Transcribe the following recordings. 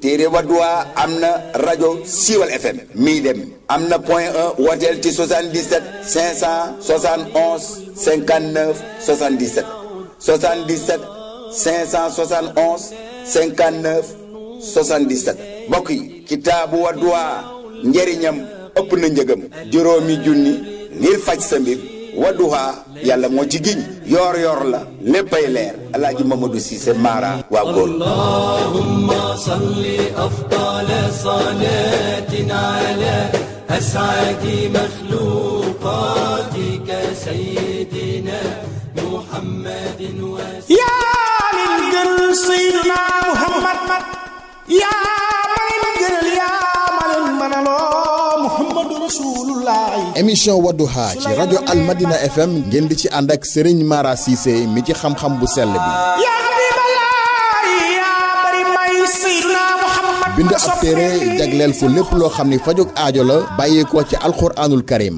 téere Wadduha am na rajo Siiwal FM mii dem am na point 1 wooteel ci 77 571 59 77 77 571 59 77 mbokk yi kitaabu Wadduha njëriñam ëpp na njëgam juróomi junni ngir faj sa mbir waduha yalla mo ci yor yor yoor la leppay leer alaaji mamadou cisse mara wa gol allahumma salli afdal salatina ala as'adi makhluqatika sayyidina muhammadin wa ya lil muhammad ya manaloo muhammadu ci rajo almadina fm ngeen di ci ànd ak sëriñ mara mi ci xam-xam bu sell bi bind ab téere jagleel ko lépp loo xam ni fajug aajo la bàyyeekoo ci alxuraanul karim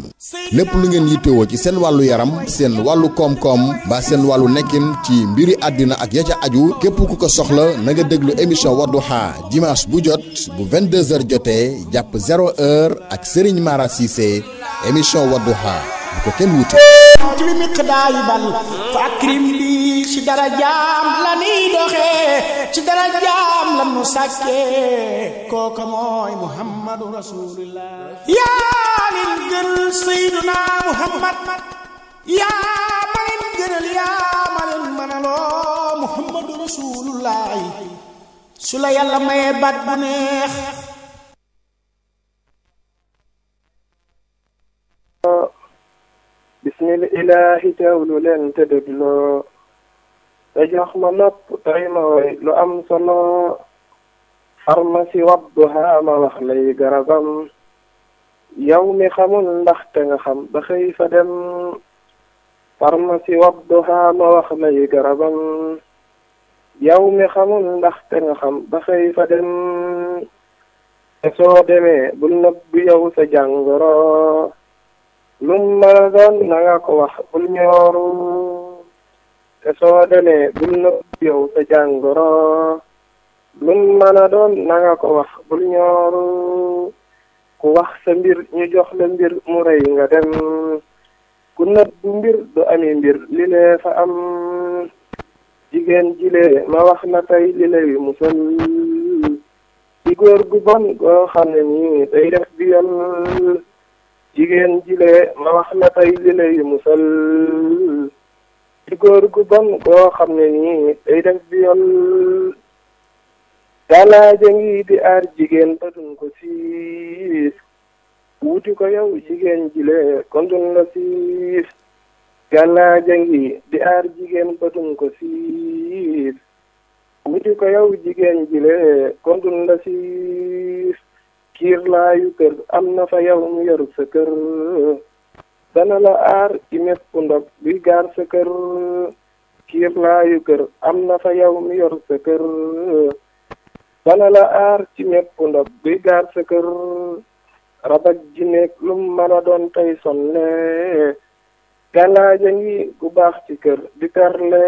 lépp lu ngeen yittewoo ci seen wàllu yaram seen wàllu koom-koom mbaa seen wàllu nekkin ci mbiri àddina ak ya ca aju képp ku ko soxla na nga déglu émission Wadduha dimanche bu jot bu 22h jotee jàpp 0h ak sëriñ Mara Cissé émission Wadduha bu ko kenn wuute. ci dara jaam la niy ci dara la nu sàkkee kooka mooy muhammadu rasulullah yaa nin gënal sayduna muhammad yaa ma leen gënal yaa ma leen mënaloo muhammadu rasulullah su la yàlla mayee baat bu bismil ilaahi teewlu leen te dégloo Jadi aku mana putri mawai lo am sana farmasi wabdu ha amalah lai garagam yau mi khamun lah tengah kham bakai fadam farmasi wabdu ha amalah lai garabam yau mi khamun lah tengah kham bakai fadam esok deme bulan biyau sejanggara lumma dan naga kuah bulan e soodane ɗum noppi yowta janngoro ɗum mana ɗon nanga ko wax bul ñooru ku wax sa mbir ñu jox la mbir mu rey nga dem ku nëbbu mbir du ami mbir li lee fa am jigéen jilee ma wax na tey li lay musal di góor gu bon goo xam ne nii day def biyal ma wax na li musal di góor gu bon goo xam ne nii day def viol gàllaaja ngi di aar jigéen ba ko siis wuti ko yow jigéen jile kon duñ la siis gàllaaja ngi di aar jigéen ba duñ ko siis wuti ko yow jigéen jile kon la siis kiir laayu kër am na fa yow mu yaru sa kër dana la aar ci mépp ndog bi gaar sa kër kiir laayu kër am na fa yow mi yor sa kër dana la aar ci mépp ndog bi gaar sa kër rabak jineeg lum mën a doon tey sonle galaaja ngi gu baax ci kër di perle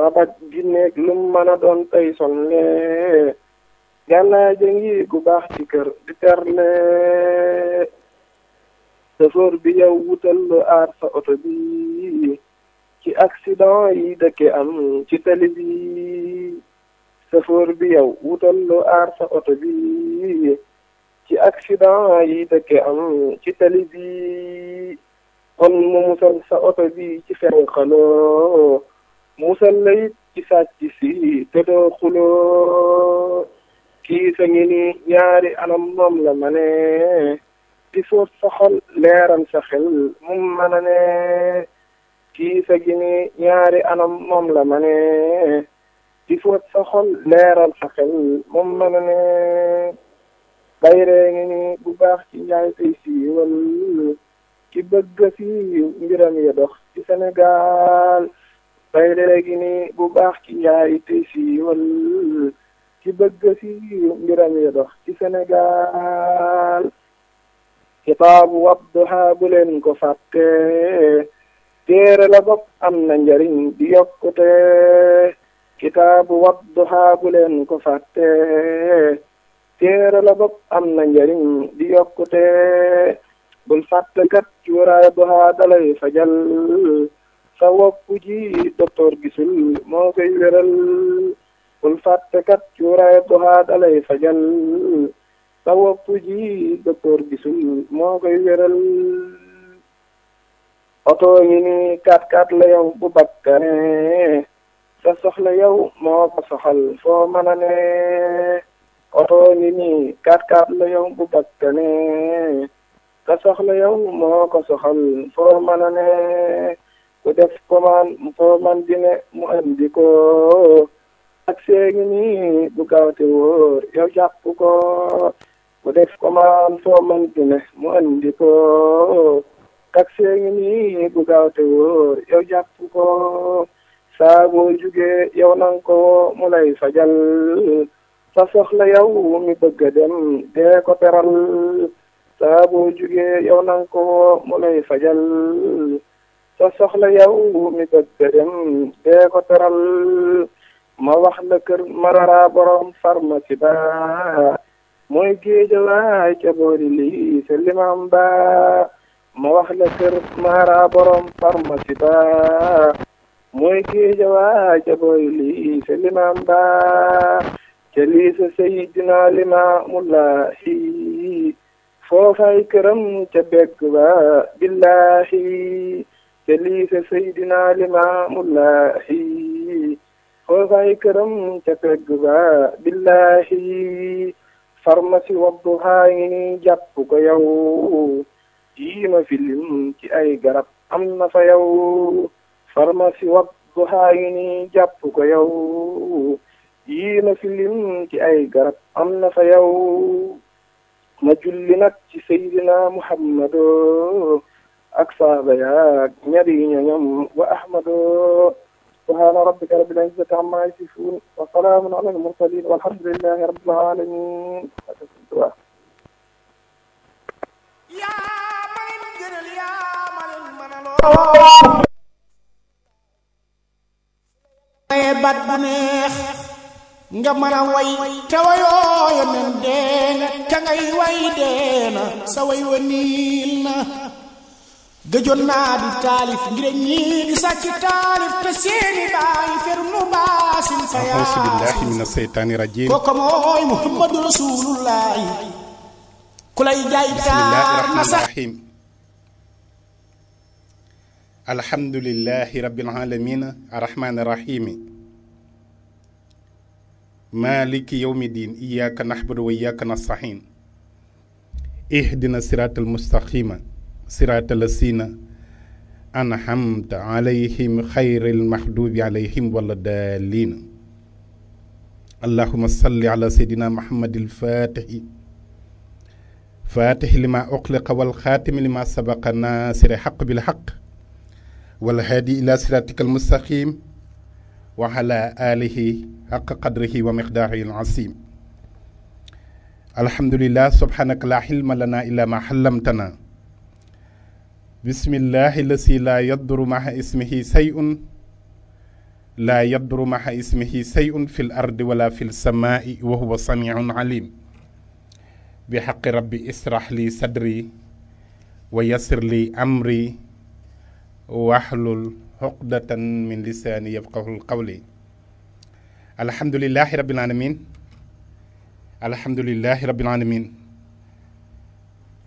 rabak jineeg lum mën a doon tey sonle galaaja ngi gu baax ci kër di perle chauffeur bi yow wutal la aar sa oto bi ci accident yi dëkke am ci tali bi chauffeur bi yow wutal la aar sa oto bi ci accident yi dëkke am ci tali bi kon mu musal sa oto bi ci fenqaloo musal la it ci sàcc si te doo xuloo kii sa ngi ni ñaari anam moom la ma ne gisoo soxal leeral sa xel mu mën a ne kiisa gi ni ñaari anam moom la ma ne gisoo soxal leeral sa xel mu mën a ne bayree ngi ni bu baax ci njaay tey siiwal ci bëgg si mbiram ya dox ci Sénégal bayree ngi ni bu baax ci njaay tey siiwal ci bëgg si mbiram ya dox ci Sénégal Kitab wab duhaa bu ko fàtte tere la bok am na njariñ di yokkute kitaabu wab bu ko tere la bok am na njariñ di yokkute bul fàtte kat cuuraay dalay fajal sa wokku ji docteur gisul moo koy weral bul fàtte kat dalay fajal توفجي puji بسوي moo koy wéral oto ngi ni kat kat la yow bu bakkane sa soxla yow moo ko soxal fo mën ne oto ngi ni kat kat la yow bu bakkane sa soxla yow moo ko soxal foo mën a ne ku def fo foo man dine mu andi ko ak seegi ni bu gaawte wóor yow ko ko def commande foo man dina mu andi ko taxe ngi ni bu gawte te wóor yow ya jàpp ko saa boo jugee yow ya nan ko mu lay fajal sa soxla yow ya mi bëgg dem dee ko teral saa boo jugee yow nan ko mu lay fajal sa soxla yow mi bëgg dem dee ko teral ma wax la kër marara borom pharmacie ba mooy géejawaay ca boori lii sa limam ba ma wax la kër maara borom pharmacie ba mooy géejawaay ca boori lii sa limam ba ca lii sa sayidina limaamullahi foofay këram ca begg ba billahi ca lii sa sayidina limaamullahi foofay këram ca begg ba billahi farmasi waktu ngi jàpp ko yow jiima film ki ay garap amna fa farmasi waktu hari ini jatuh yow jiima filim ki ay garap amna na fa yow na julli nag ci sayidina aksa ak saaba yaag wa ahmadu سبحان ربك رب العزة عما يصفون وسلام على المرسلين والحمد لله رب العالمين يا من يا من bat bu neex nga way te nga ngay way na sa way na gëjoon naa di taalif ngir ñii di sàcc taalif te seeni bàyyi fer baasin fa min aseytaani rajim kooku mooy muhammadu rasulullahi ku lay jaay taar na sax الحمد لله رب العالمين الرحمن الرحيم مالك يوم الدين إياك نحبد وإياك نستعين اهدنا الصراط المستقيم صراط الذين أنعمت عليهم خير المحدوب عليهم ولا اللهم صل على سيدنا محمد الفاتح فاتح لما أقلق والخاتم لما سبق ناصر حق بالحق والهادي إلى صراطك المستقيم وعلى آله حق قدره ومقداره العظيم الحمد لله سبحانك لا حلم لنا إلا ما حلمتنا بسم الله الذي لا يضر مع اسمه شيء لا يضر مع اسمه شيء في الأرض ولا في السماء وهو سميع عليم بحق ربي اسرح لي صدري ويسر لي أمري واحلل عقدة من لساني يفقه القول الحمد لله رب العالمين الحمد لله رب العالمين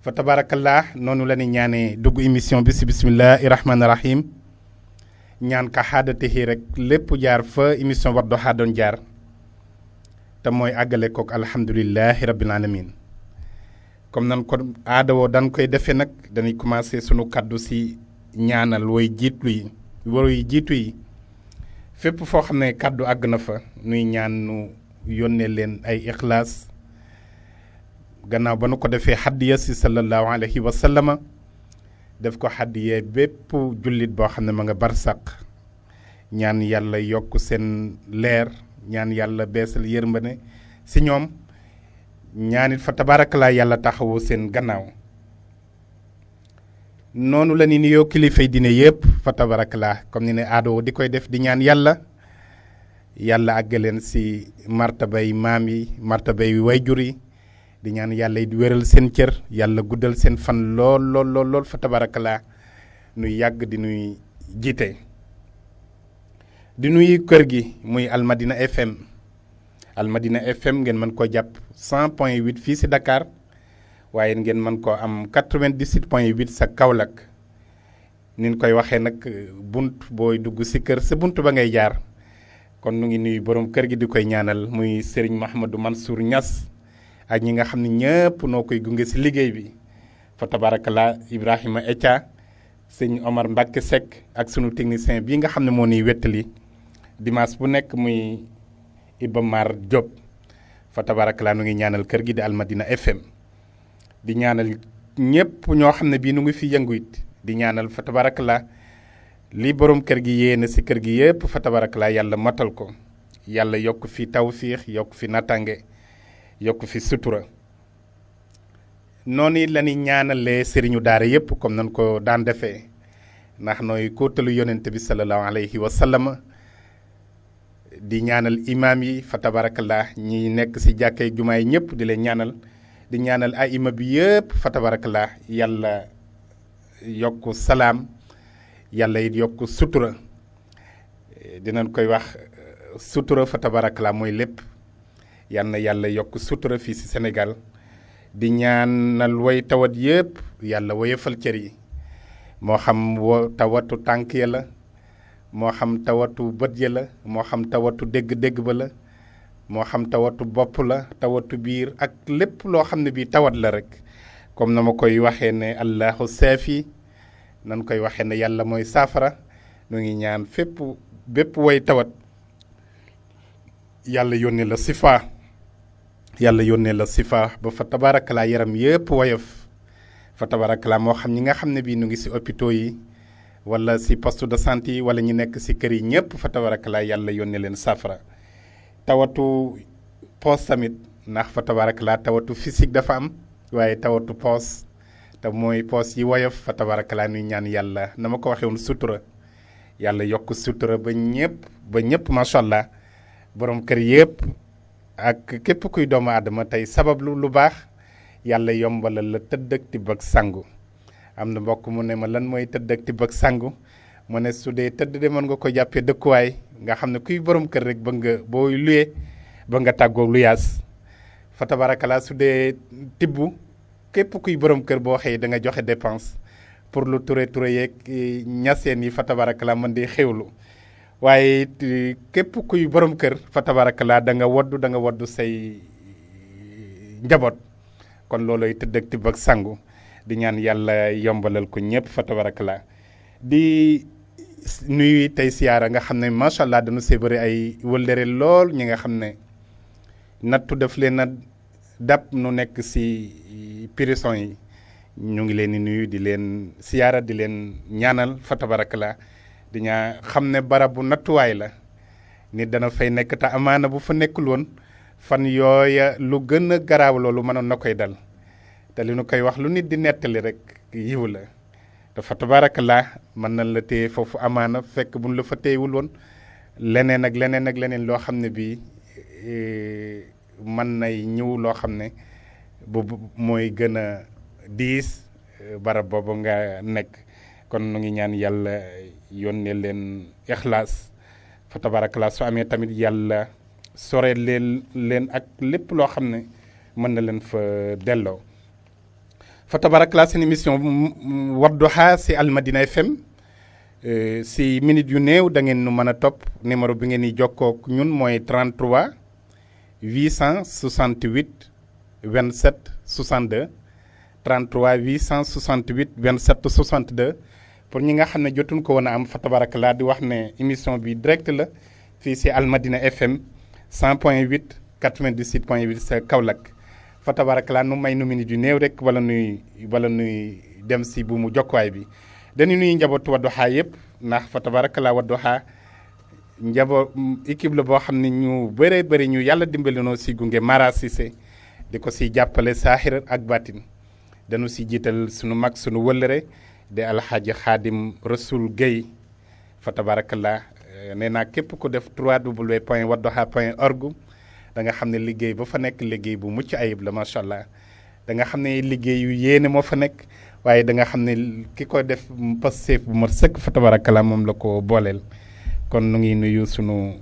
fa tabarakallah nonu la ñaané duggu émission bi si bismillahi rahmaani rahim ñaan ka hi rek lepp jaar fa émission do hadon jaar ta moy agalé kok alhamdulillahi rabbil alamin comme nan ko adawo dan koy defee nak dañuy commencé sunu kaddu si ñaanal way jiitlu yi yi jiitu yi fépp fo xamné kaddu fa nuy ñaan nu yonne len ay ikhlas gannaaw ba nu ko defee xaddiya si sallallahu alayhi wa sallama def ko xaddiyee bépp jullit boo xam ne ma nga barsàq ñaan yàlla yokk seen leer ñaan yàlla beesal yërmande si ñoom ñaanit fa tabaarakalaa yàlla taxawu seen gannaaw noonu la ni nuyoo kilifay dina yëpp fa tabaarakalaa comme ni ne aadoo di koy def di ñaan yàlla yàlla àggaleen si martabay maam yi martabay wayjur yi di ñaan yàlla di wéral seen cër yàlla guddal seen fan lool lool lool lool fa nuy yàgg di nuy jiite di nuy kër gi muy almadina fm almadina fm ngeen mën koo jàpp 100 point 8 fii si dakar waaye ngeen mën am 97 point 8 sa kaolack nin koy waxee nag bunt booy dugg si kër sa bunt ba ngay jaar kon nu ngi nuy borom kër gi di koy ñaanal muy sëriñ mahamadou mansour ñas ak ñi nga xam ne ñëpp noo koy gunge si liggéey bi fa Ibrahima Etia sëñ Omar Mbacke Seck ak sunu technicien bii nga xam ne moo nuy wettali dimanche bu nekk muy Iba Mar Diop fa tabarakallah nu ngi ñaanal kër gi di Almadina FM di ñaanal ñëpp ñoo xam ne bii nu ngi fi yëngu it di ñaanal fa tabarakallah li borom kër gi yéene si kër gi yëpp fa tabarakallah yàlla motal ko yàlla yokk fi tawfiix yokk fi natange. yokk fi sutura noonu la ñuy ñaanalee sëriñu daara yépp comme nañ ko daan defee ndax nooy kóotalu yonent bi sallallahu alayhi wa sallam di ñaanal imaam yi fa ñi nekk ci jàkkee jumaa yi ñépp di leen ñaanal di ñaanal ay imaam bi yépp fa tabarakallah yàlla yokk salaam yàlla it yokk sutura dinañ koy wax sutura fa mooy lépp yal na yàlla yokk sutura fii si senegal di ñaan ñaanal woy tawat yëpp yàlla woyefal cër yi moo xam tawatu tànk ya la moo xam tawatu bët ya la moo xam tawatu dégg-dégg ba la moo xam tawatu bopp la tawatu biir ak lépp loo xam ne bii tawat la rek comme na ma koy waxee ne allahu saafi nan koy waxee ne yàlla mooy saafara nu ngi ñaan fépp bépp woy tawat yàlla yónni la sifa yàlla yónnee la sifaa ba fa tabaarakalaa yaram yëpp woyof fa tabaarakalaa moo xam ñi nga xam ne bii ñu ngi si hôpitaux yi wala si poste de santé yi wala ñu nekk si kër yi ñëpp fa tabaarakalaa yàlla yónnee leen safara tawatu poos tamit ndax fa laa tawatu physique dafa am waaye tawatu poos te mooy poos yi woyof fa tabaarakalaa nuy ñaan yàlla na ma ko waxee woon sutura yàlla yokk sutura ba ñëpp ba ñëpp macha allah borom kër yëpp. ak képp kuy doomu aadama tey sabablu lu baax yàlla yombalal la tëdd ak tibb ak sangu am na mbokk mu ne ma lan mooy tëdd ak tibb ak sangu ma ne su dee tëdd de mën nga ko jàppee dëkkuwaay nga xam ne kuy borom kër rek ba nga boo luyee ba nga tàggoo luyaas fa tabarakalaa su dee tibb képp kuy borom kër boo xëyee da nga joxe dépense pour lu ture ture yeeg eh, ñaseen yi fa tabarakalaa mën di xewlu waaye képp kuy borom kër fa tabarakalaa da nga waddu da waddu say njaboot kon looloy tëdd ak tibb ak sangu di ñaan yàlla yombalal ko ñëpp fa tabarakalaa di nuyu tey siyaara nga xam ne macha allah dañu see bëri ay wëllëre lool ñi nga xam ne nattu daf leen a dab nu nekk si prison yi ñu ngi leen di nuyu di leen siyaara di leen ñaanal fa tabarakalaa di xam ne barab bu nattuwaay la nit dana fay nekk amaana bu fa nekkul woon fan yooya lu gën a garaaw loolu mënoon na koy dal te li nu koy wax lu nit di nettali rek yiw la dafa tabaarakallaa mën nañ la téye foofu amaana fekk buñ la fa téyewul woon leneen ak leneen ak leneen loo xam ne bii e, mën nay ñëw loo xam ne bu mooy gën a diis e, barab boobu nga nekk kon nu ngi ñaan yàlla yónnee leen ixlaas fa tabaarakalaas su amee tamit yàlla sore leen leen ak lépp loo xam ne mën na leen fa delloo fa tabaarakalaas seen émission Wadduha si Almadina FM euh, si minute yu néew da ngeen nu mën a topp numéro bi ngeen di jokkoo ñun mooy 33 868 27 62 33 868 27 62. pour ñi nga xam ne jotuñ ko woon a am fa tabarakallah di wax ne émission bi direct la fii si Almadina FM 100.8 97.8 sa Kaolack fa tabarakallah nu may nu minute yu néew rek wala nuy wala nuy dem si bu mu jokkuwaay bi dañu nuy njabootu Wadduha yëpp ndax fa tabarakallah Wadduha njabo équipe la boo xam ne ñu bëree bëri ñu yàlla dimbali noo si gunge Mara Cissé di ko si jàppale saaxir ak baatin dañu si jiital sunu mag sunu wëllëre di alxaaji xaadim Rasoul Guèye fa tabarakallah eh, nee naa képp ku def 3w point wadduha point org da xam ne liggéey ba fa nekk liggéey bu mucc ayib la macha allah da nga xam ne liggéey yu yéene moo fa nekk waaye da nga xam ne ki ko def pasteef bu mat sëkk fa tabarakallah moom la ko booleel kon nu ngi nuyu sunu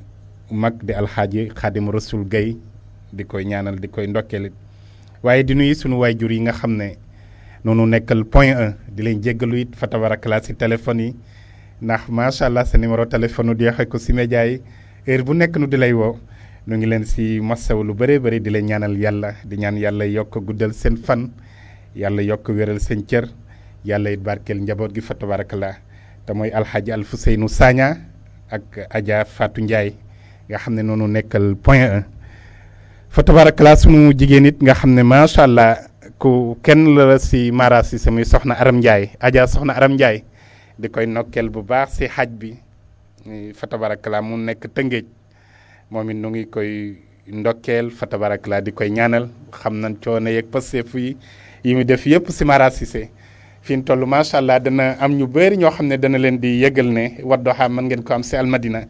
mag di alxaaji xaadim Rasoul Guèye di koy ñaanal di koy ndokkeelit waaye di nuyu sunu waajur yi nga xam ne nonu nekkal point 1 di leen jéggalu it fa tabarakalaa si téléphone yi ndax macha allah sa numéro téléphone di waxee ko simé jaay heure bu nekk nu di lay wo nu ngi leen si massaw lu bëree bëri di leen ñaanal yàlla di ñaan yàlla yokk guddal seen fan yàlla yokk wéral seen cër yàlla it barkel njaboot gi te mooy alfuseynu Sagna ak Adja Fatou Ndiaye nga xamne nonu nekkal point 1 fa tabarakalaa sunu jigenit it nga xamne allah. ku kenn la si Mara Cissé muy soxna Aram Ndiaye Adja soxna Aram Ndiaye di koy nokkeel bu baax si xaaj bi fa tabarakala mu nekk tëngéej moom it nu ngi koy ndokkeel fa tabarakala di koy ñaanal xam nañ coono yeeg pasteef yi yi mu def yëpp si Mara mu toll macha allah dana am ñu bëri ñoo xam ne dana leen di yëgal ne Wadduha mën ngeen ko am si almadina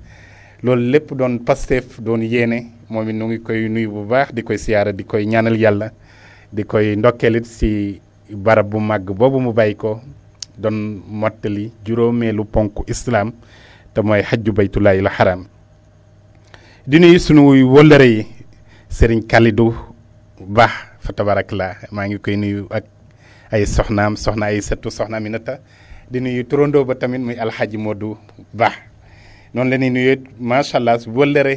loolu lépp doon pasteef doon yéene moom it nu ngi koy nuyu bu baax di koy siyaara di koy ñaanal yàlla. di koy ndokkeelit si barab bu màgg boobu mu bàyyi ko doon mottali juróomeelu ponk islaam te mooy xajju baytulaayi la xaraam di nuyu suñu wëllëre yi sëriñ Kalidou baax fa tabarakallah maa ngi koy nuyu ak ay soxnaam soxna ay sëtu soxna Aminata di nuyu turandoo ba tamit muy alxaji Modou baax noonu la ñuy nuyee macha allah wëllëre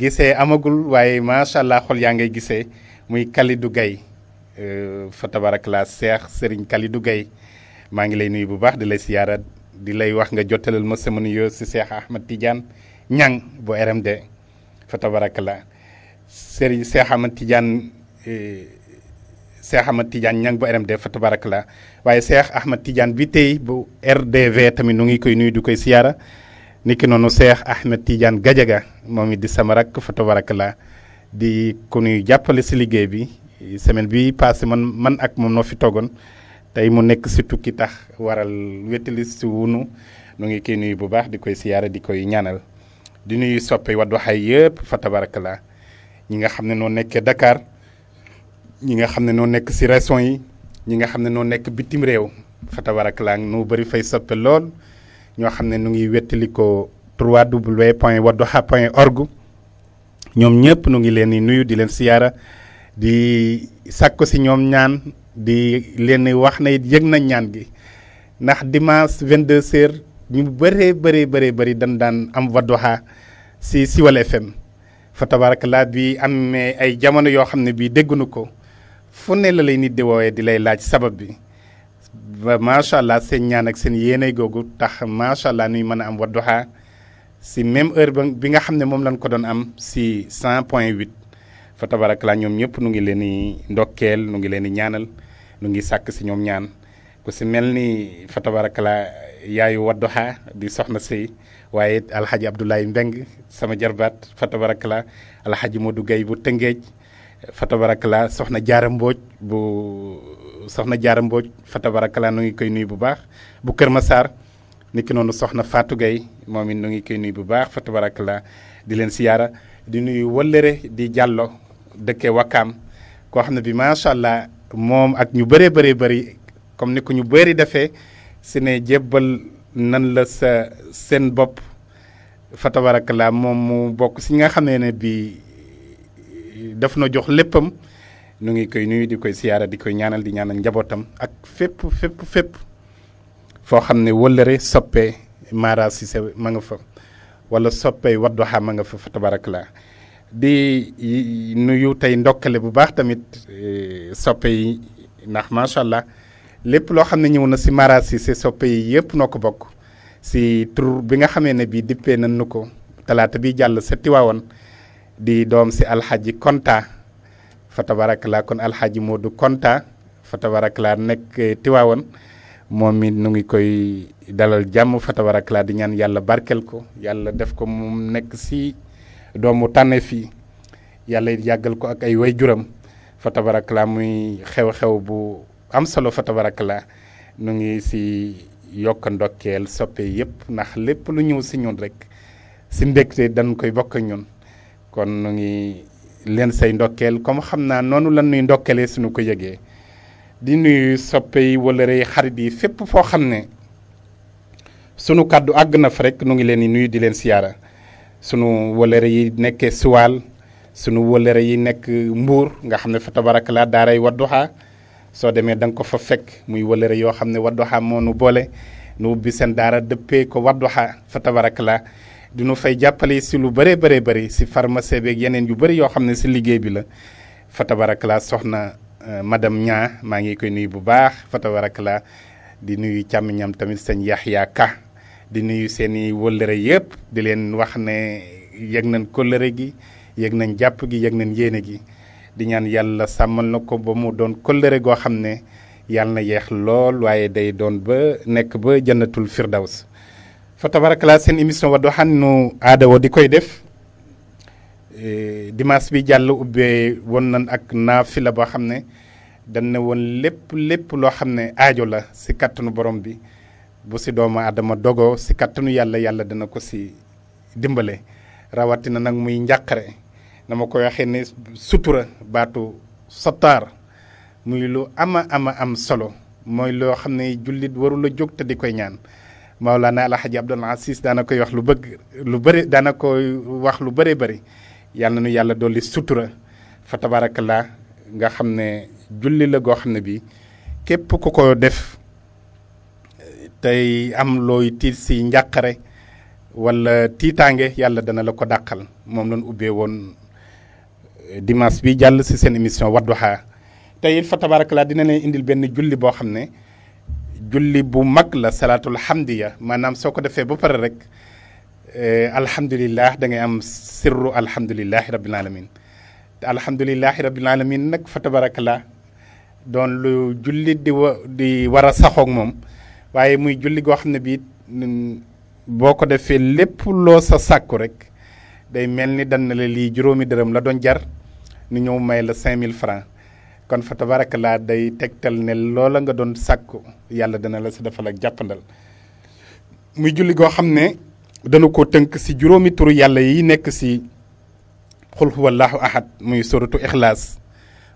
gisee amagul waaye macha allah xol yaa ngay gisee muy Kalidou Gaye euh, fa tabarakalaa Seex Sëriñ Kalidou Gaye maa ngi lay nuyu bu baax di lay siyaara di lay wax nga jottalal ma sama nuyoo si Seex Ahmad Tidiane Niang bu RMD fa tabarakalaa Sëriñ Seex Ahmad Tidiane Seex euh, Ahmad Tidiane Niang bu RMD fa tabarakalaa waaye Seex Ahmad Tidiane bi tey bu RDV tamit nu ngi koy nuyu di koy siyaara niki noonu Seex Ahmad Tidiane Gadiaga moom it di sama rakk fa tabarakalaa di ku nuy jàppale si liggéey bi semaine bi passé man man ak moom noo fi togon tey mu nekk si tukki tax waral wettali si wunu nu ngi koy nuyu bu baax di koy siyaare di koy ñaanal di nuyu soppe Wadduha yëpp fa tabarakallah ñi nga xam ne noo nekkee Dakar ñi nga xam ne noo nekk si région yi ñi nga xam ne noo nekk bitim réew fa tabarakallah nu bari fay soppe lool ñoo xam ne ngi ko 3 ñoom ñëpp nu ngi leen di nuyu di leen siyaara di sàkku si ñoom ñaan di leen wax na yëg na ñaan gi ndax vingt 22h ñu bëree bëree bëree bëri dañ daan am Wadduha si Siwal FM fa tabarakallah bi amee ay jamono yoo xam ne bii déggunu ko fu ne la lay nit di woowee di lay laaj sabab bi macha allah seen ñaan ak seen yéene googu tax macha allah nuy mën a am Wadduha si même heure ba bi nga xam ne moom lañ ko doon am si 100 point 8 fa tabarakala ñoom ñëpp nu ngi leen di ndokkeel nu ngi leen di ñaanal nu ngi sàkk si ñoom ñaan ku si mel ni fa tabarakala yaayu Wadduha di soxna sëy waaye alxaji Abdoulaye Mbeng sama jarbaat fa tabarakala alxaji Modou gay bu Tëngéej fa tabarakala soxna Jaara Mbooj bu soxna Jaara Mbooj fa tabarakala nu ngi koy nuy bu baax bu Kër Masaar niki noonu soxna Fatou moom it nu ngi koy nuyu bu baax fa tabarakallah di leen siyaara di nuyu wëllëre di jàlloo dëkke wakkaam koo xam ne bi macha allah moom ak ñu bëree bëree bëri comme ni ko ñu bari defee si ne jébbal nan la sa seen bopp fa tabarakallah moom mu bokk si nga xam ne ne bi daf na jox léppam nu ngi koy nuyu di koy siyaara di koy ñaanal di ñaanal njabootam ak fépp fépp fépp foo xam ne wëllëre soppe Mara Cissé ma nga fa wala soppe Wadduha ma nga fa barak tabarakallah di nuyu tey ndokkale bu baax tamit eh, soppe yi ndax macha allah lépp loo xam ne ñëw na si Mara Cissé soppe yi yëpp noo ko bokk si tur bi nga xamee ne bii dippee nan nu ko talaata bi jàll sa tiwaawan di doom si alxaaji Konta fa tabarakallah kon alxaaji Modou Konta fa tabarakallah nekk eh, tiwaawan moom it nu ngi koy dalal jàmm fatabarakala di ñaan yàlla barkel ko yàlla def ko mu nekk si doomu tànne fii yàlla it yàggal ko ak ay way-juram fatabarakala muy xew-xew bu am solo fatabarakala nu ngi si yokk ndokkeel soppe yëpp ndax lépp lu ñëw si ñun rekk si mbégte dañ koy bokk ñun kon nu ngi leen say ndokkeel comme xam naa noonu lan nuy su suñu ko yëgee di nuyu soppe yi wala rey xarit yi fépp foo xam ne sunu kàddu àgg na fa rek nu ngi leen di nuyu di leen siyaara sunu wëlëre yi nekkee Suwaal sunu wëlëre yi nekk Mbuur nga xam ne fa tabarakalaa daaray Wadduha soo demee danga ko fa fekk muy wëlëre yoo xam ne Wadduha moo nu boole nu ubbi seen daara dëppee ko Wadduha fa tabarakalaa nu fay jàppale si lu bëree bëree bëri si pharmacie beeg yeneen yu bëri yoo xam ne si liggéey bi la fa tabarakalaa soxna. Euh, madame Niang maa ngi koy nuyu bu baax fatabarak la di nuyu càmmiñam tamit sëñ Yaxya Ka di nuyu seen i wëllëre yëpp di leen wax ne yëg nañ kóllëre gi yëg nañ jàpp gi yëg nañ yéene gi di ñaan yàlla sàmmal na ko ba mu doon kóllëre goo xam ne yàlla na yeex lool waaye day doon ba nekk ba jannatul firdaws fatabarak la seen émission Wadduha nu aada woo di koy def Eh, dimanche bi jàll ubbee woon na ak naa la boo xam ne dañ ne woon lépp lépp loo xam ne aajo la si kattanu borom bi bu si doomu aadama dogoo si kattanu yàlla yàlla dina ko si dimbale rawatina nag muy njàqare na ma koy waxee ne sutura baatu sotaar muy lu ama ama am solo mooy loo xam ne jullit warul a jóg te di koy ñaan laa Mawlana Alhaji Abdul Aziz daana koy wax lu bëgg lu bëri daana koy wax lu bëree bëri yàlla na nu yàlla dolli sutura fa tabaarakallaa nga xam ne julli la goo xam ne bii képp ku ko def tey am looy tiit si njàqare wala tiitaange yàlla dana la ko dàqal moom lañ ubbee woon eh, dimanche bi jàll si seen émission Wadduha tey it fa dina leen indil benn julli boo xam ne julli bu mag la salaatul hamdiya maanaam soo ko defee ba pare rek Eh, alhamdulilah da ngay am sirru alhamdulilahi rabil alamin te alhamdulilahi rabil alamin nag fa la doon lu jullit di war a saxoog moom waaye muy julli goo xam ne bii boo ko defee lépp loo sa sàkku rek day mel ni dan na la lii juróomi dërëm la doon jar nu ñëw may la mille francs kon fa la day tegtal ne loola nga doon sàkku yàlla dana la sa defal ak jàppandal muy julli goo xam ne dana ko tënk si juróomi turu yàlla yi nekk si xul huwallaahu ahad muy suratu ixlaas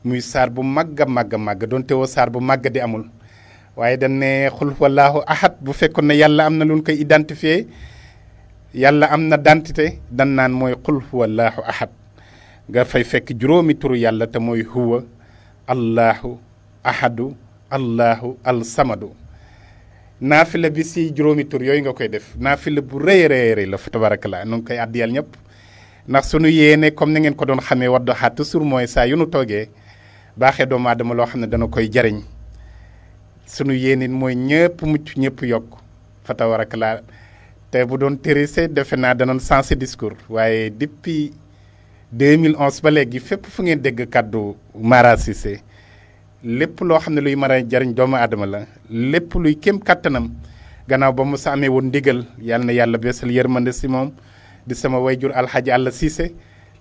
muy saar bu màgg a màgg a màgg doonte woo saar bu màgg di amul waaye dañ ne xul huwallaahu ahad bu fekkoon ne yàlla am na lu koy identifié yàlla am na dentité dan naan mooy xul huwallaahu ahad nga fay fekk juróomi turu yàlla te mooy huwa allahu ahadu allahu alsamadu naafila bi si juróomi tur yooyu nga koy def naafila bu rëy rëy rëy la fa tabarakallah nu ngi koy àddiyal ñëpp ndax sunu yéene comme ni ngeen ko doon xamee Wadduha toujours mooy saa yu nu toogee baaxee doomu aadama loo xam ne dana koy jariñ sunu yéene mooy ñëpp mucc ñëpp yokk fa tabarakallah te bu doon térise defe naa danoon sensé discours waaye depuis 2011 ba léegi fépp fu ngeen dégg kàddu Mara lépp loo xam ne luy mara jariñ doomu aadama la lépp luy kem kattanam gannaaw ba mu sa amee woon ndigal yàlla na yàlla beesal yërmande si moom di sama wayjur alxaji àlla siise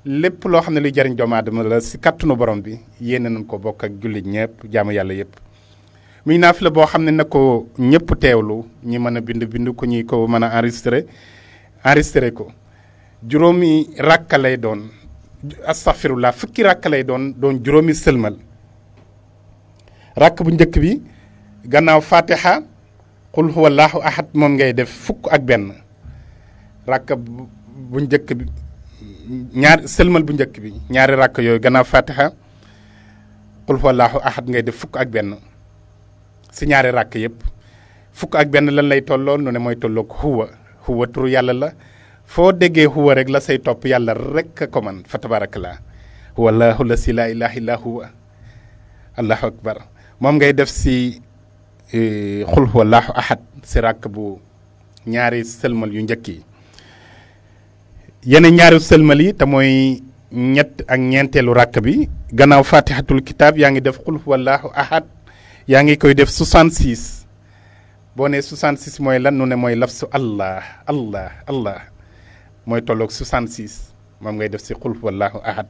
lépp loo xam ne luy jariñ doomu aadama la si kattanu borom bi yéene nañ ko bokk ak jullit ñëpp jaamu yàlla yëpp. muy naaf la boo xam ne na ko ñëpp teewlu ñi mën a bind bind ko ñi ko mën a enregistré enregistré ko juróomi rakka lay doon astaghfirullah fukki rakka lay doon doon juróomi sëlmal rakk bu njëkk bi. gannaaw fatiha qul huwa allahu ahad moom ngay def fukk ak benn rakk bu njëkk bi ñaari sëlmal bu njëkk bi ñaari rakk yooyu gannaaw fatiha qul huwa allahu ahad ngay def fukk ak benn si ñaari rakk yëpp fukk ak benn lan lay tolloo nu ne mooy tolloog huwa huwa turu yàlla la foo déggee huwa rek la say topp yàlla rek ko man fa tabarakallah huwa allahu si laa ilaha illa huwa allahu akbar moom ngay def si xul huwa laahu ahad si ràkk bu ñaari sëlmal yu njëkk yi yeneen ñaari sëlmal yi te mooy ñett ak ñeenteelu ràkk bi gannaaw fatihatul kitaab yaa ngi def xul huwa laahu ahad yaa ngi koy def 66 boo nee 66 mooy lan nu ne mooy lafsu allah allah allah mooy tolloog 66 moom ngay def si xul huwa laahu ahad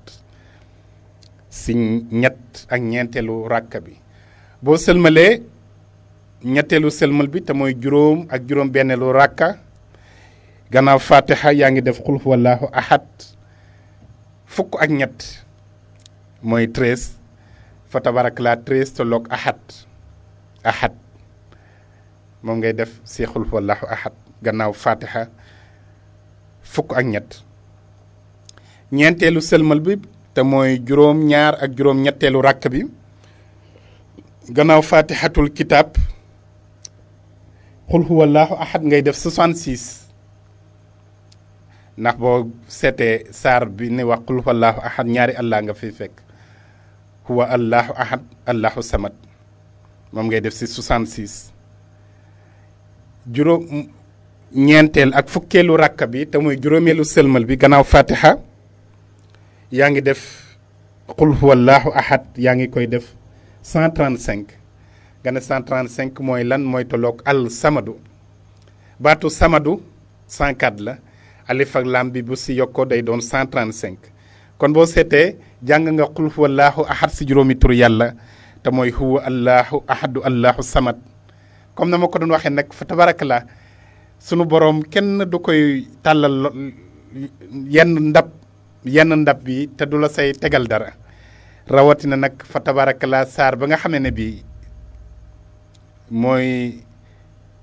si ñett ak ñeenteelu ràkk bi boo sëlmalee ñettelu sëlmal bi te moy juróom ak juróom benneelu ràkka gannaaw fatiha yaa ngi def xul wallahu ahad fukk ak ñett mooy treize fa tabarak la treize tolloog ahad ahad moom ngay def si xul wallahu ahad gannaaw fatiha fukk ak ñett ñeenteelu sëlmal bi te mooy juróom ñaar ak juróom ñetteelu ràkk bi gannaaw fatihatul kitab xul huwa allahu ahad ngay def 66 ndax boo seetee saar bi ni wax xul huwa allahu ahad ñaari allah nga fiy fekk huwa allahu ahad allahu samad moom ngay def si 66 juróom ñeenteel ak fukkeelu rakka bi te muy juróomeelu sëlmal bi gannaaw fatiha yaa ngi def xul huwa allahu ahad yaa ngi koy def 135 nga ne 135 mooy lan mooy tolloog al samadu baatu samadu 104 la alif ak bu si yokkoo day doon 135 kon boo seetee jàng nga xul huwallaahu ahad si juróomi tur yàlla te mooy huwa allahu ahadu allahu samad comme na ma ko doon waxee nag fa tabarakala sunu boroom kenn du koy tàllal yenn ndab yenn ndab bi te du la say tegal dara rawatina nag fa tabarakala saar ba nga xamee ne bii mooy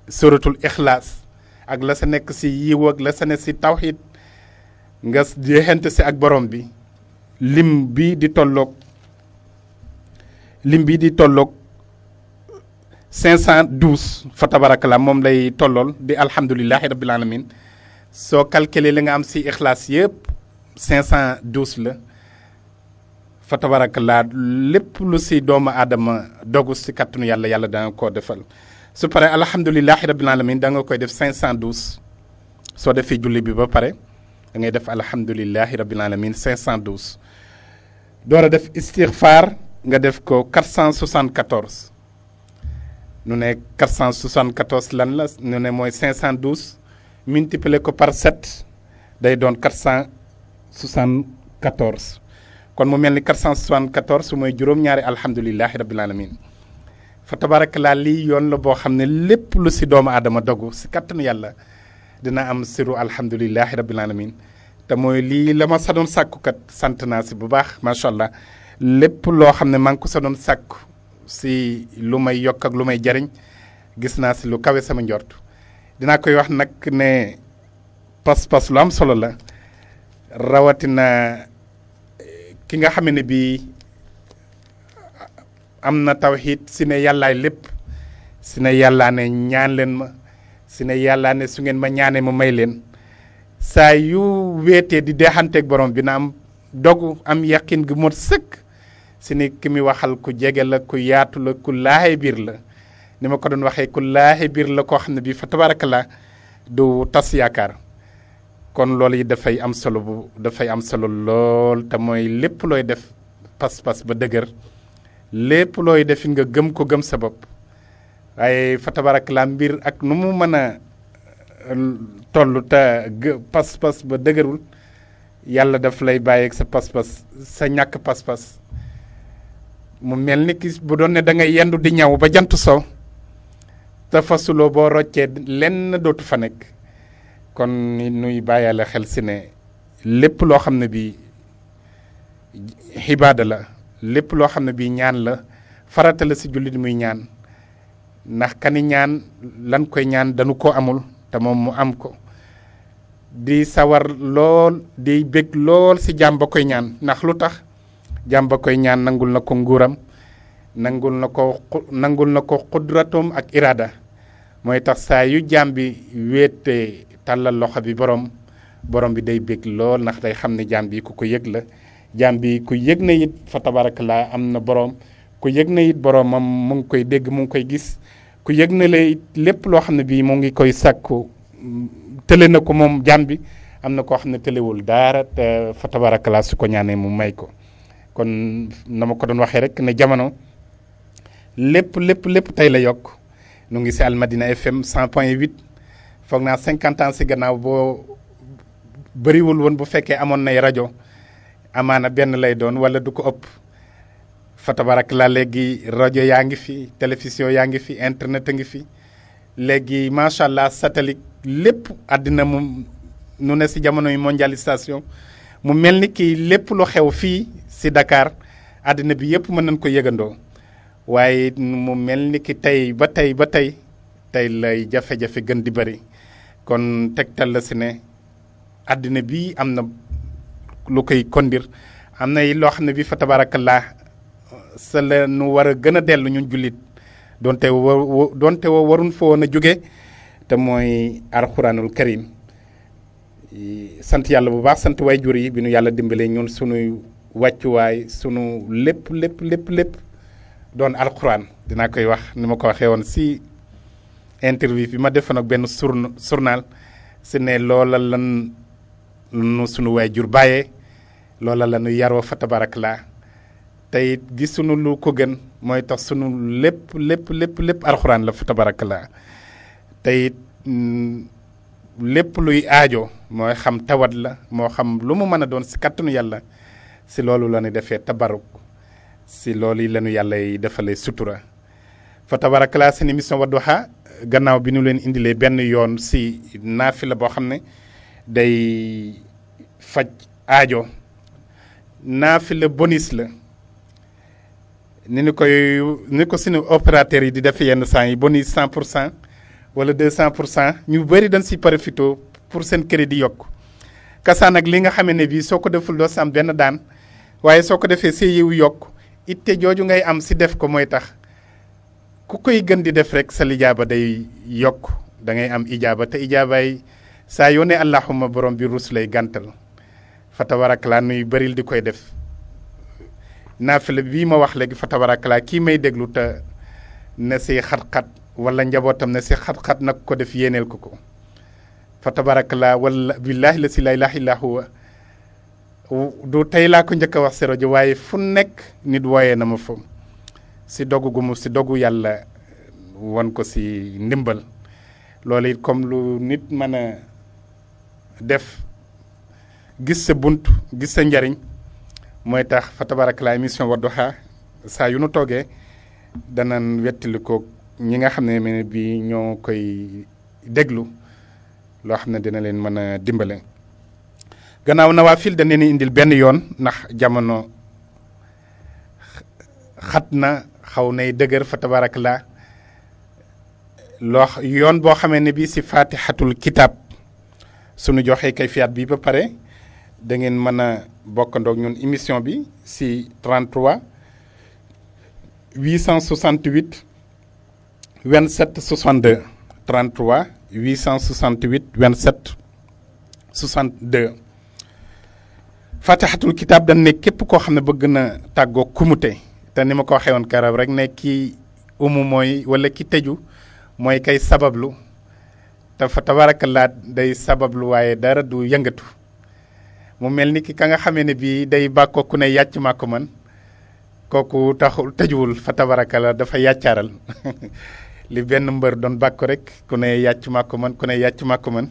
suratul ixlaas ak la sa nekk si yiw ak la sa nekk si tawxid nga jeexante si ak borom bi lim bi di tolloog lim bi di tolloog 512 fa tabarakala moom lay tollool di alhamdulilahi rabbil alamin soo calculer li nga am si ixlaas yëpp 512 la fa tabarakallaa lépp lu si doomu aadama dogu si kattanu yàlla yàlla danga koo defal su pare alhamdulilahi rabbil alamin da koy def 512 soo defee julli bi ba pare da ngay def alhamdulilahi rabbil alamin 512 door a def istixfaar nga def ko 474 nu ne 474 lan la nu ne mooy 512 multiplier ko par 7 day doon 474 kon mu mel ni 474 su mooy juróom-ñaari alhamdulilahi rabbil alamin fa laa lii yoon la boo xam ne lépp lu si doomu aadama dogu si kattanu yàlla dina am siru alhamdulilahi rabbil alamin te mooy lii la ma sa doon sàkkukat sant naa si bu baax macha allah lépp loo xam ne maa ngi ko sa doon sàkku si lu may yokk ak lu may jariñ gis naa si lu kawe sama njort dinaa koy wax nag ne pas-pas lu am solo la rawatina ki nga xam ne bii am na tawxiid si ne yàllaay lépp si ne yàllaa ne ñaan leen ma si ne yàllaa ne su ngeen ma ñaanee ma may leen saa yu weetee di deexanteeg borom bi na am dogu am yaqin gu mot sëkk si ni ki muy waxal ku jege la ku yaatu la ku laaxe biir la ni ma ko doon waxee ku laaxe biir la koo xam ne bii fa tabaraka la du tas yaakaar kon loolu yi dafay am solo bu dafay am solo lool te mooy lépp looy def pas-pas ba dëgër lépp looy def nga gëm ko gëm sa bopp waaye fa tabarak la mbir ak nu mu mën a euh, toll te pas-pas ba dëgërul yàlla daf lay bàyyeeg sa pas-pas sa ñàkk pas-pas mu mel ni kiis bu doon ne da ngay yendu di ñaw ba jant so te fasuloo boo roccee lenn dootu fa nekk kon nuy bàyyaale xel si ne lépp loo xam ne bi xibaada la lépp loo xam bi ñaan la farata la si jullit muy ñaan ndax kani ñaan lan koy ñaan dañu ko amul te moom mu am ko di sawar lool di bég lool si jàmm nyan, koy ñaan ndax lu tax koy ñaan nangul na ko nguuram nangul na ko nangul na ko xudratum ak irada mooy tax saa yu jàmm tàllal loxo bi borom boroom bi day bég lool ndax day xam ne jaam bi ku ko yëg la jaam bi ku yëg na it fa laa am na boroom ku yëg na it boromam mu ngi koy dégg mu ngi koy gis ku yëg na la it lépp loo xam ne bii mu ngi koy sàkku tële na ko moom jaam bi am na koo xam ne tëlewul daara te fa tabarakallah su ko ñaanee mu may ko kon na ma ko doon waxee rek ne jamono lépp lépp lépp tey la yokk nu ngi si Almadina FM foog naa cinquante ans si gannaaw boo bëriwul woon bu fekkee amoon nay rajo amaana benn lay doon wala du ko ëpp fa tabarak la léegi rajo yaa ngi fi télévision yaa ngi fi internet a ngi fi léegi macha allah satellite lépp àddina mu nu ne si jamono yu mu mel ni kii lépp lu xew fii si dakaar àddina bi yëpp mën nañ ko yëgandoo waaye mu mel ni ki tey ba tey ba tey tey lay jafe-jafe gën di bëri kon tegtal la si ne àddina bi am na lu koy kondir am na loo xam ne bi fa tabaarakallaa sa la nu war a gën a dellu ñun jullit donte wa donte fa woon a jóge te mooy alxuraanul karim sant yàlla bu baax sant waay jur yi bi nu yàlla dimbalee ñun sunuy wàccuwaay sunu lépp lépp lépp lépp doon alxuraan dinaa koy wax ni ma ko waxee si interview bi ma defoon ak benn surna journal si ne loola lan nu sunu jur bàyyee loola la nu yaroo fa tabarak laa te it gisuñu lu ko mooy tax sunu lépp lépp lépp lépp arxuraan la fa tabarak laa te it mm, lépp luy aajo mooy xam tawat la moo xam lu mu mën a doon si kattanu yàlla si loolu la ñu defee tabaruk si loolu yi la yàlla yi dafa lay sutura fa tabarak laa seen émission Wadduha gannaaw bi ñu leen indilee benn yoon si naafila boo xam ne day faj aajo naafila bonus la ni ni koy ni ko suñu opérateur yi di def yenn saa yi bonus 100 pour cent wala 200 pour cent ñu bëri dañ si profité pour seen crédit yokk kasaan ak li nga xamee ne bii soo ko deful doo si am benn daan waaye soo ko defee yiw yokk itte jooju ngay am si def ko mooy tax ku koy gën di def rek sa lijaaba day yokk da ngay am ijaaba te ijaabaay saa yoo ne allahuma borom bi rus lay gàntal fatabarakala nuy bëril di koy def naafila bii ma wax léegi fatabarakala kii may déglu te na si xat-xat wala njabootam na si xat-xat nag ko def yéeneel ko ko fatabarakala wala billahi la si laa ilaaha illaa huwa du tey laa ko njëkk a wax si rajo waaye fu nekk nit wooyee na ma foofu si dogu gu si dogu yàlla won ko si ndimbal loolu it comme lu nit mën a def gis sa bunt gis sa njariñ mooy tax fa émission Wadduha saa yu nu toogee danan wettali ñi nga xam ne mene bi ñoo koy déglu loo xam ne dina leen mën a dimbale gannaaw nawaafil dañ leen indil benn yoon ndax jamono xat na xaw nay dëgër fa tabarakallah loo yoon boo xamee ne bi si fatihatul kitab sunu joxee kayfiyaat bi ba pare da ngeen mën a bokkandoog ñun émission bi si 33 868 27 62 33 868 27 62 fatihatul kitab dan ne képp koo xam ne bëgg na tàggoo kumute te ni ma ko waxee woon karab rek ne ki umu mooy wala ki tëju mooy kay sabablu te fa tabarakalaat day sabablu waaye dara du yëngatu mu mel ni ki ka nga xamee ne bii day bàkkoo ku ne yàcc maa man kooku taxul tëjuwul fa dafa yàccaaral li benn mbër doon bàkku rek ku ne yàcc maa man ku ne yàcc maa man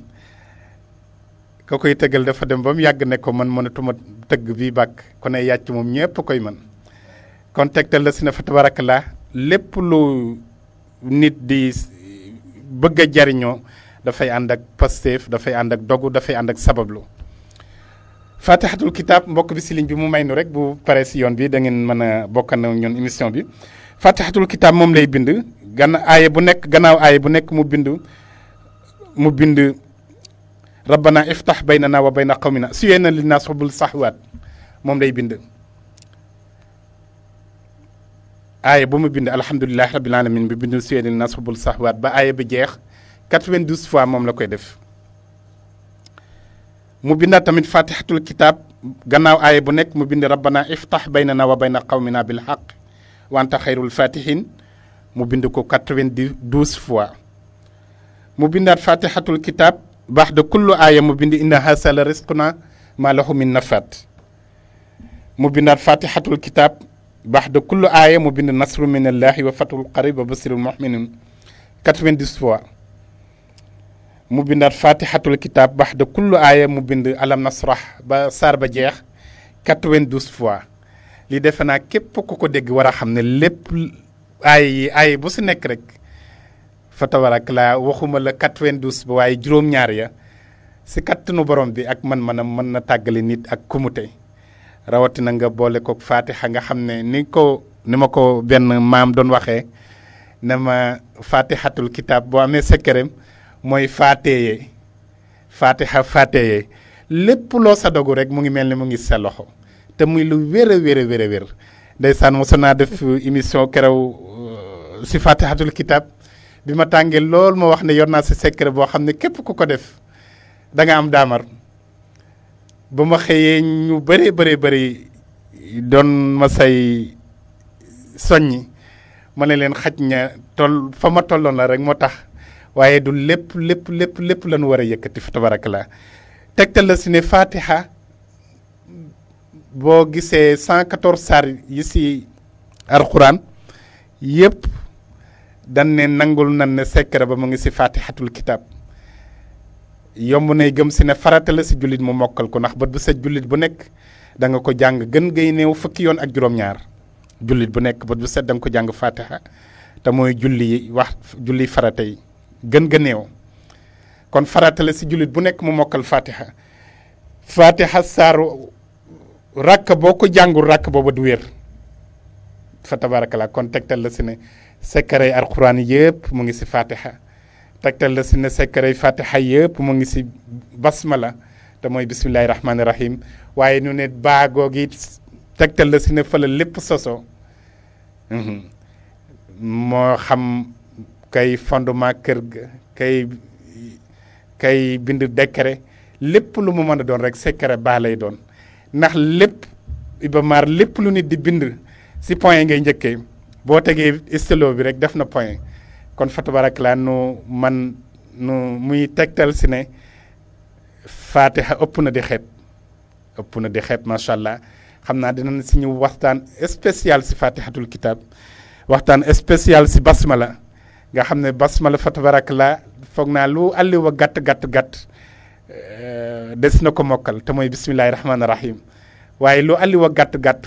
ka koy tëggal dafa dem ba mu yàgg ne ko man mënatuma tëgg bi bàkk ku ne yàcc moom ñépp koy man kon tegtal la sina ne fa lépp lu nit di bëgg a jariñoo dafay ànd ak pasteef dafay ànd ak dogu dafay ànd ak sabablu fatihatul kitab mbokk bi si ligne bi mu maynu rek bu pare si yoon bi da ngeen mën a bokk na ñun émission bi fatihatul kitab moom lay bind gan aaye bu nekk gannaaw aaye bu nekk mu bind mu bind rabbana iftah baynana wa bayna qawmina suyee na li naas xubul aaya bu mu bind alhamdulilahi rabil alamin bi bind seeni nasabul saxwaat ba aaya bi jeex 92 fois moom la koy def mu bindaat tamit fatihatul kitab gannaaw aaya bu nekk mu bind rabbana iftax baynana wa bayna qawmina bil xaq wa anta xayrul fatihin mu bind ko 92 fois mu bindaat fatihatul kitab baax de kullu aaya mu bind inna hasala risquna ma lahu min nafat mu bindaat fatihatul kitab baxda kullu aaya mu bind nasru min allahi wa fatul qarib wa basirul mu'minin 90 fois mu bindaat fatihatul kitab baxda kullu aaya mu bind alam li defe naa ku ko dégg war a lépp aay yi bu si nekk rek fa la waxuma la 92 ba waaye juróom-ñaar ya si kattanu borom bi ak man-manam mën na tàggale nit ak kumute rawatina nga boole ko faatixa nga xam ne ni ko ni ma ko benn maam doon waxee ne ma faatixatul kitaab boo amee sekkerem mooy faateye faatixa faateye lépp loo sa dogu rek mu ngi mel ni mu ngi sa loxo te muy lu wér a wér a wér a wér ndeysaan mosoon naa def euh, émission kerew euh, si faatixatul kitaab bi ma tàngee lool ma wax ne yoon naa si secret boo xam ne képp ku ko def da nga am daamar ba ma xëyee ñu bëree bëri bëri doon ma say soññi ma ne leen xaj ña toll fa ma tolloon la rek moo tax waaye du lépp lépp lépp lépp la war a yëkkati fa tabarakallah tegtal la si ne Fatiha boo gisee 114 saar yi si alxuraan yëpp. dan ne nangul nan ne secret ba mu ngi si fatihatul kitab yomb nay gëm si ne farata la si julit mu mokkal ko ndax bët bu set julit bu nekk da nga ko jàng gën ngay néew fukki yoon ak juróom-ñaar julit bu nekk bët bu set da ko jàng fatiha te mooy julli wax julli farata yi gën néew kon farata la si julit bu nekk mu mokkal fatiha fatiha saaru rakk boo ko jàngul rakk du wér fa tabarakallah kon tegtal la si secret alquran yépp mu ngi si fatiha tegtal la si ne secret fatiha yëpp mu ngi si bas basmala te mooy bisimilahi rahmaani rahim waaye nu ne baagoo gi tegtal la si ne fële lépp soso mhm. moo xam kay fondement kër ga kay kay bind décret lépp lu mu mën a doon rek secret baa lay doon ndax lépp Iba lépp lu nit di bind si point ngay njëkkee boo tegee stylo bi rek def na point kon fatou barak la nu man nu muy tektal si ne fatiha ëpp na di xeb ëpp na di xeeb macha allah xam naa dinañ si ñu waxtaan spécial si fatihatul kitab waxtaan spécial si basmala nga xam ne basmala fa tabarakla foog naa lu àlli wa gàtt gàtt gàtt des na ko mokkal te mooy bismillahi rahmaani rahim waaye lu àlli wa gàtt gàtt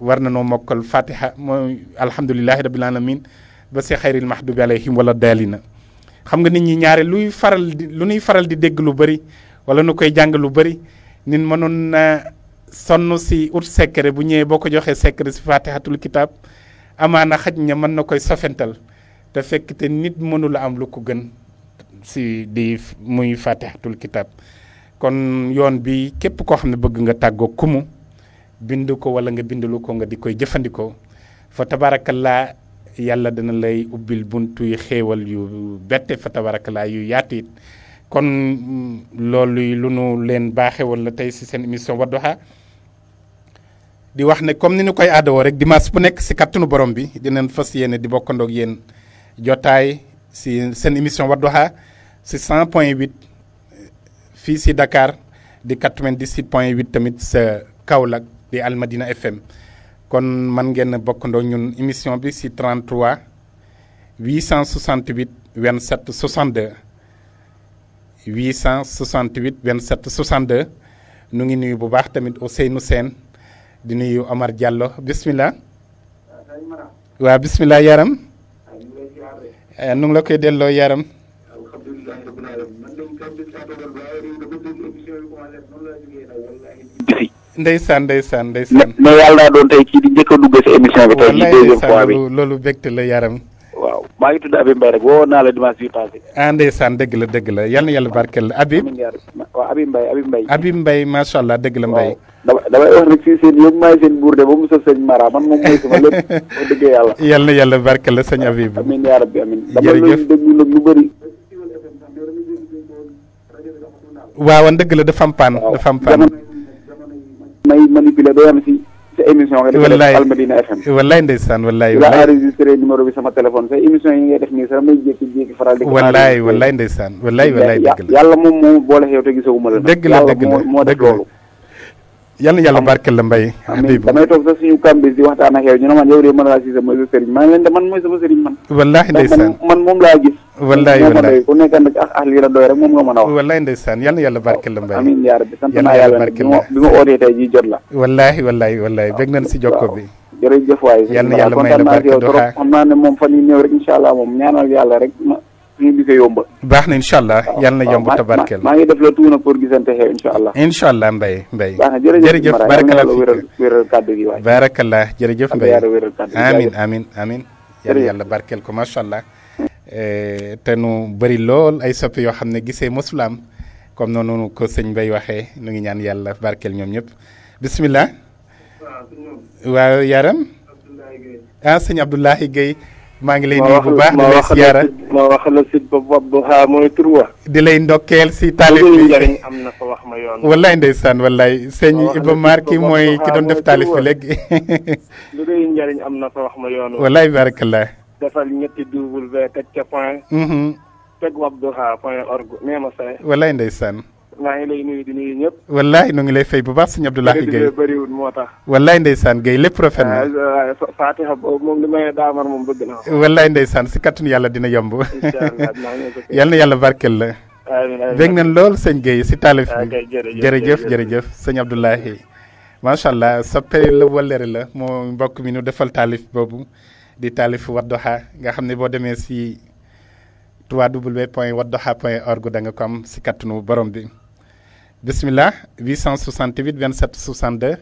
war na noo mokkal fatiha mooy alhamdulilahi rabil alamin ba si xayril mahdubi alayhim wala daalina xam nga nit ñi ñaare luy faral di lu ñuy faral di dégg lu bari wala nu koy jàng lu bëri nit mënoon na sonn si ut secret bu ñëwee boo ko joxee secret si fatihatul kitab amaana xaj ña mën na koy sofental te fekk te nit mënula am lu ko gën si di muy fatihatul kitab kon yoon bi képp koo xam ne bëgg nga tàggoo kumu bind ko wala nga bindalu ko nga di koy jëfandikoo fa tabaarakallaa yàlla dana lay ubbil buntu yu xéewal yu bette fa tabarakalaa yu yaatu kon loolu lu nu leen baaxewal la tey si seen émission Wadduha di wax ne comme ni ñu koy aadawoo rek dimanche bu nekk si kattanu borom bi dinañ fas yéene di bokkandoog yéen jotaay si seen émission Wadduha si 100 point 8 fii si Dakar di 98 point 8 tamit sa Kaolack di Almadina FM kon man ngeen bokkandoo ñun émission bi si 33 868 27 62 868 27 62 nu ngi nuyu bu baax tamit Ousseynou Sène di nuyu Omar Diallo bismillah waa bismillah yaram eh, nu ngi la koy delloo yaram ndeysaan ndeysaan ndeysaan mais a dugg loolu bégte la yaram waaw maa ngi tudd Habib Mbaye rek woo naa la dimanche bi passé ah ndeysaan dëgg la dëgg la yal na yàlla barkeel la Habib seen yëpp maay seen buur de la dafa am dafa am may manipuler ba yem si sa émission nga def Almadina FM wallaay ndeysaan wallaay wallaay la enregistré numéro bi sama téléphone sa émission yi ngay def nii sax may jékki-jékki faral di wallaay wallaay la yàlla moom la dëgg la dëgg la moo def yal na yàlla barkeel la mbay Habib damay toog sax suñu kàmbi di waxtaan ak yow ñu ne man yow de mën laa siise man leen de man laa gis wallaahi wallaahi ku nekk nag ak la a mbay bi ma ootee tey jii jot la wallaahi wallaahi wallaahi bég nañ si jokko la xam naa ne moom fan yi ñëw rek incha allah moom ñaanal yàlla rek baax na incha allah yal na yomb tabarkel maa ngi def la tuuna pour gisante xew incha allah. incha allah Mbaye Mbaye. jërëjëf barakala wéral kàddu jërëjëf Mbaye amin amin amin yàlla barkeel ko macha allah. Eh, te nu bari lool ay soppi yoo xam ne gisee mosulaam comme noonu ko sëñ Mbaye waxee nu ngi ñaan yàlla barkeel ñoom ñëpp bisimilah. waaw yaram. ah sëñ Abdoulahi Guèye. maa ngi lay nuyu bu baax di lay siyaara ma wax la si ba Wadduha mooy tur di lay ndokkeel si taalif bi am na fa wax ma yoon wallaay ndeysaan wallaay ki mooy ki doon def taalif bi léegi lu lay njariñ am na fa wax ma yoon wallaay barakallah defal ñetti double V teg ca point mm-hmm. teg Wadduha point org nee ma say wallaay ndeysaan maa ngi lay nuyu wallaay ngi lay fay bu baax sëñ Abdoulahi Guèye moo tax. wallaay ndeysaan géey lépp rafet na. Ah, ah, ah, Fatiha boobu wallaay ndeysaan si kattun yàlla dina yomb. yal na yàlla barkeel la. amiin amiin bég nañ lool sëñ Guèye si taalif bi. jërëjëf jërëjëf sëñ Abdoulahi macha allah soppe la wallere la moo mbokk mi nu defal taalif boobu di taalif Wadduha nga xam ne boo demee si. wat www.wadduha.org da nga ko am si kattanu borom bi bismillah 868 27 62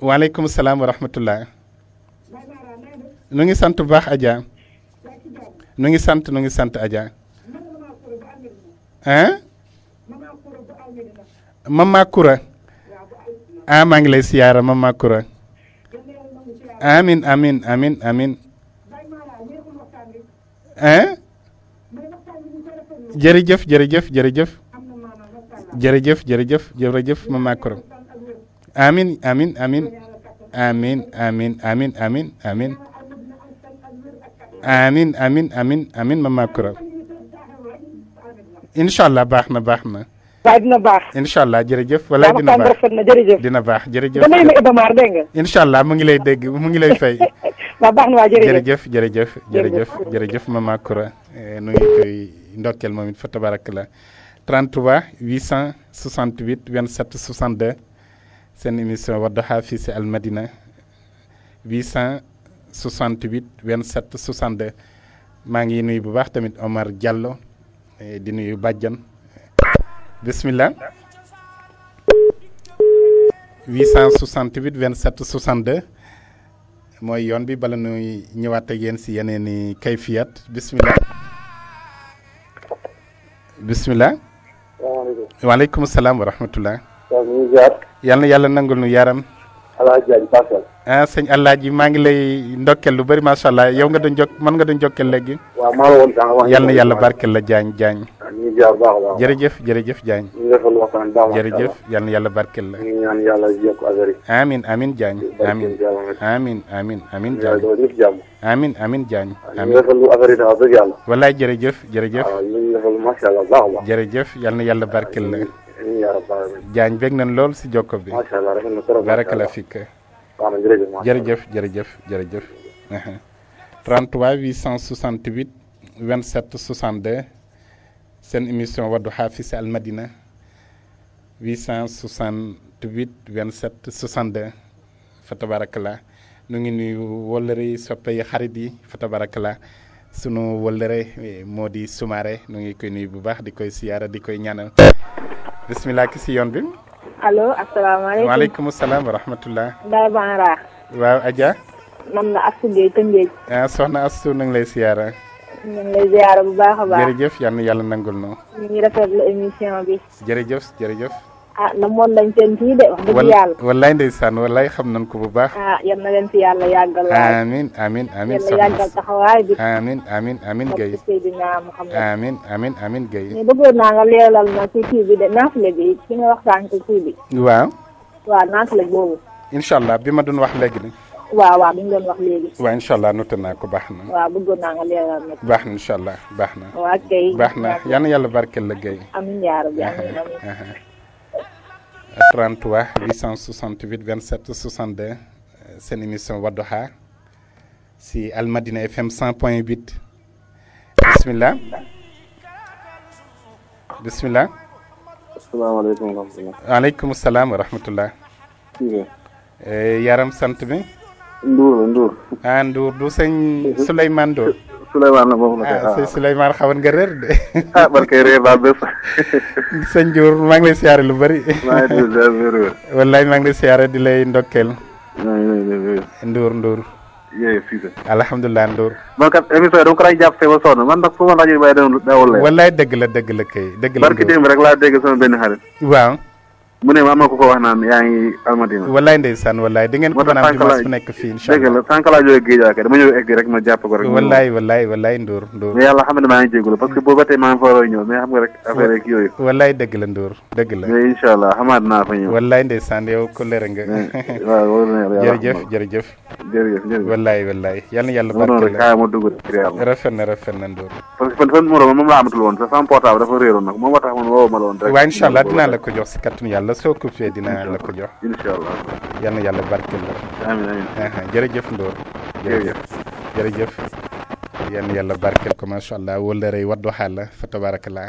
waaleykum salaam wa rahmatullah nu ngi sant bu baax nu ngi sant nu ngi sant hein mama kura ah ngi lay mama kura amin amin amin amin hein jërëjëf jërëjëf jërëjëf jërëjëf jërëjëf jërëjëf mama korom amin amin amin amin amin amin amin amin amin amin amin amin mama korom incha allah baax na baax na waaw dina baax incha allah jërëjëf walaay dina baax rafet na jërëjëf dina baax jërëjëf damay ma Ibamaar dégg nga incha allah mu ngi lay dégg mu ngi lay fay waaw baax na waa jërëjëf jërëjëf jërëjëf jërëjëf mama koura eh, nu ngi koy ndokkeel moom it fa tabarak la 33 868 27 62 seen émission Wadduha fii si Almadina 868 27 62 maa ngi nuyu bu baax tamit Omar Diallo eh, di nuyu Badiane bismillah 868 27 62 mooy yoon bi bala nuy ñëwaat ak yéen si kayfiyat bismillah bismillah salaamaaleykum. waaleykum salaam wa rahmatulah. waaw ñu ngi yàlla nangul nu yaram. alaaji Diagne Parcelles. Ah, maa ngi lay ndokkel lu bari macha allah yow nga doon jokk mën nga doon jokkel léegi. waaw maa la woon sànq wax. yal na yàlla barkel la Diagne Diagne. ñu ngi ziar baax la jërëjëf jërëjëf Diagne. ñu ngi defal waxtaan na yàlla amin amin Diagne. wallaay jërëjëf jërëjëf. Ah, jërëjëf yal na yàlla barkeel la. Diagne bég nañ lool si jokko bi. macha allah rafet na trop baraka la fikk. waaw jërëjëf jërëjëf jërëjëf. 33 868 27 62 seen émission Wadduha fii si Almadina 868 27 62 fa tabarakallah nu ngi nuyu wëllëre soppe yi xarit yi fa tabarakala sunu wëllëre eh, moo di sumaare nu ngi koy nuyu bu baax di koy siyaara di koy ñaanal bismillah ki si yoon bi allo wa waaleykum salaam wa rahmatullah Ndeye Banra waaw Adja man la Astou ngey Tëngéej ah soxna Astou nu ngi lay siyaara ñu ngi lay ziyaara bu baax a baax jërëjëf yàlla nangul no ñu ngi rafetlu émission bi jërëjëf jërëjëf ah namoon nañ seen kii de wax dëgg yàlla wallaay ndeysaan wallaay xam nañ ko bu baax ah yal na leen fi yàlla yàggal waay amin amin amin soxna yàggal taxawaay bi amin amin amin gay Seydina Muhammad amin amin amin gay mais bëggoon naa nga leeral ma ci kii bi de naafile bi ci nga wax sànq kii bi waaw waaw naafile boobu incha allah bi ma doon wax léegi nag waaw waaw bi ñu doon wax léegi. waaw incha allah noté naa ko baax na. waaw bëggoon naa nga leeral nag. baax na incha allah baax na. waaw kay baax na yal na yàlla barkeel la Guèye. amiin yaa rabbi amiin amiin. 33 868 27 62 une émission Wadoha. C'est Almadine FM 100.8 Bismillah Bismillah Assalamu wa wa eh, yaram sant bi. Ndour Ndour. Ndour Souleymane boobu la. ah Souleymane xawoon nga réer de. Ah, barke réer ba bés. sëñ Diour maa ngi lay siyaare lu bari. maa ngi lay wallaay maa di lay ndokkeel. Ndour Ndour. yéen fii de. alhamdulilah Ndour. man kat émission yi dama ko dëgg la rek laa dégg benn xarit. waaw. mu ne ma am na ku ko wax naan yaa ngi almadina. wallaay ndeysaan wallaay di ngeen ko mën a am dimanche bu nekk fii incha allah dëgg la sànq laa jógee géej waay dama ñëw egg rek ma jàpp ko rek. wallaay wallaay wallaay Ndour Ndour. mais yàlla xam ne maa ngi jégalu parce que booba tey maa ngi faral ñëw mais xam nga rek affaire yeeg yooyu. wallaay dëgg la Ndour dëgg la. mais incha allah xamaat naa fa ñëw. wallaay ndeysaan yow ko leer nga. waaw wóor na yàlla jërëjëf jërëjëf. jërëjëf jërëjëf wallaay wallaay yal na yàlla barkeel la ma dugg rafet na rafet na Ndour parce que fan fan numéro moom laa amatul woon sa sama portable dafa réeroon nag moom moo tax man woo ma la woon rek waaw incha allah dinaa la ko jox si kàttanu yàlla la soo ko fee dinaa la ko jox incha allah yal na yàlla barkeel la amiin amiin jërëjëf Ndoor jërëjëf jërëjëf yal na yàlla barkeel ko macha allah wala rey Wadduha la fa tabarakallah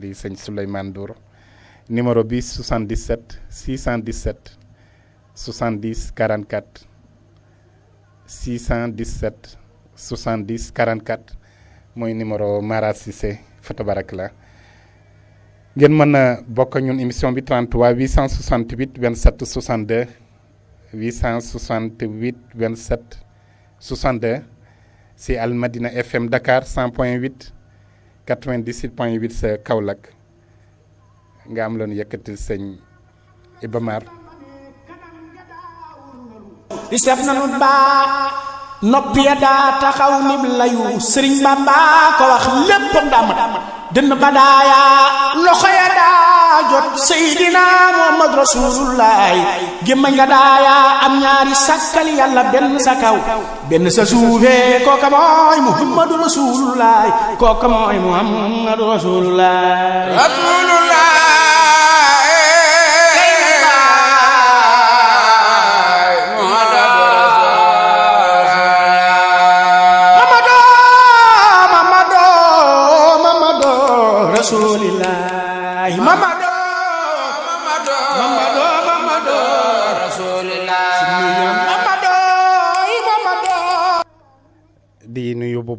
di sëñ Souleymane Ndour numéro bi 77 617 70 44 617 70 44 mooy numéro Mara Cissé fa tabarakallah ngeen mën a bokk ñun émission bi 33 868 27 62 868 27 62 Al Almadina FM Dakar 100.8, point c'est Kaulak. point 8 sa Kaolack nga am loon yëkkatil sëñ Ibamar. isef na nopp ya daa taxaw nib layu sëriñ Bamba ko wax lépp daa dënn ba daaya daa jot Seydina Muhammad Rasulullaay gémmañ nga am ñaari sàkkal yàlla benn sa kaw benn sa suufee kooka mooy Muhammadu Rasulullaay kooka mooy Muhammadu Rasulullaay Rasulullaay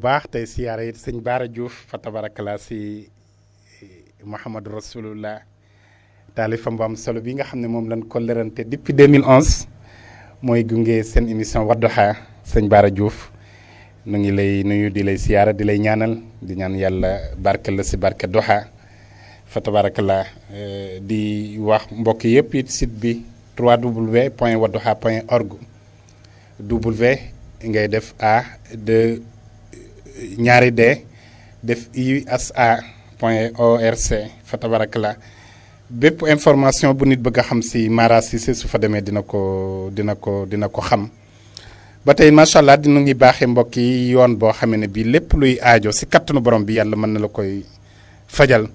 baax tey siyaara it sëñ Baara Diouf fa si Mouhamadou Rasulullah taalifam bu am solo bi nga xam ne moom lañ ko lërante depuis 2011 mooy gunge sen émission Wadduha sëñ Baara Diouf nu ngi lay nuyu di lay siyaara di lay ñaanal di ñaan yàlla barke la si barke Duha fa eh, di wax mbokk yëpp it site bi www point point org w ngay def a de ñaari de def usa point O fa tabarakallah bépp information bu nit bëgg a xam si Mara Cissé su fa demee dina ko dina ko dina ko xam ba tey macha allah dina ngi baaxee mbokk yi yoon boo xamee ne bii lépp luy aajo si kattanu borom bi yàlla mën na la koy fajal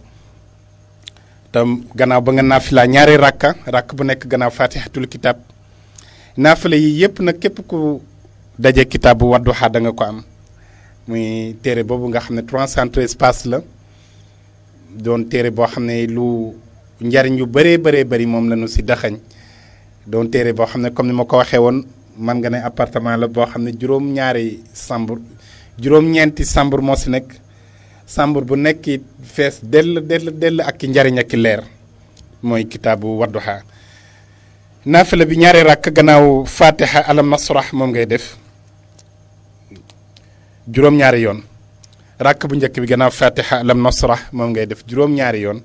te gannaaw ba nga naafila ñaari rakka rakk bu nekk gannaaw fatihatul kitab naafila yi yëpp nag képp ku daje kitaabu Wadduha da nga ko am muy téere boobu nga xam ne 313 pages la doon téere boo xam ne lu njariñ yu bëree bëree bëri moom la ñu si daxañ doon téere boo xam ne comme ni ma ko waxee woon man nga ne appartement la boo xam ne juróom-ñaari sambur juróom-ñeenti sambur moo si nekk sambur bu nekk it fees dell dell dell ak njariñ ak leer mooy kitaabu Wadduha naafila bi ñaari rakk gannaaw fatiha alam nasrah moom ngay def juróom-ñaari yoon ràkk bu njëkk bi gannaaw fatiha lam nasra moom ngay def juróom-ñaari yoon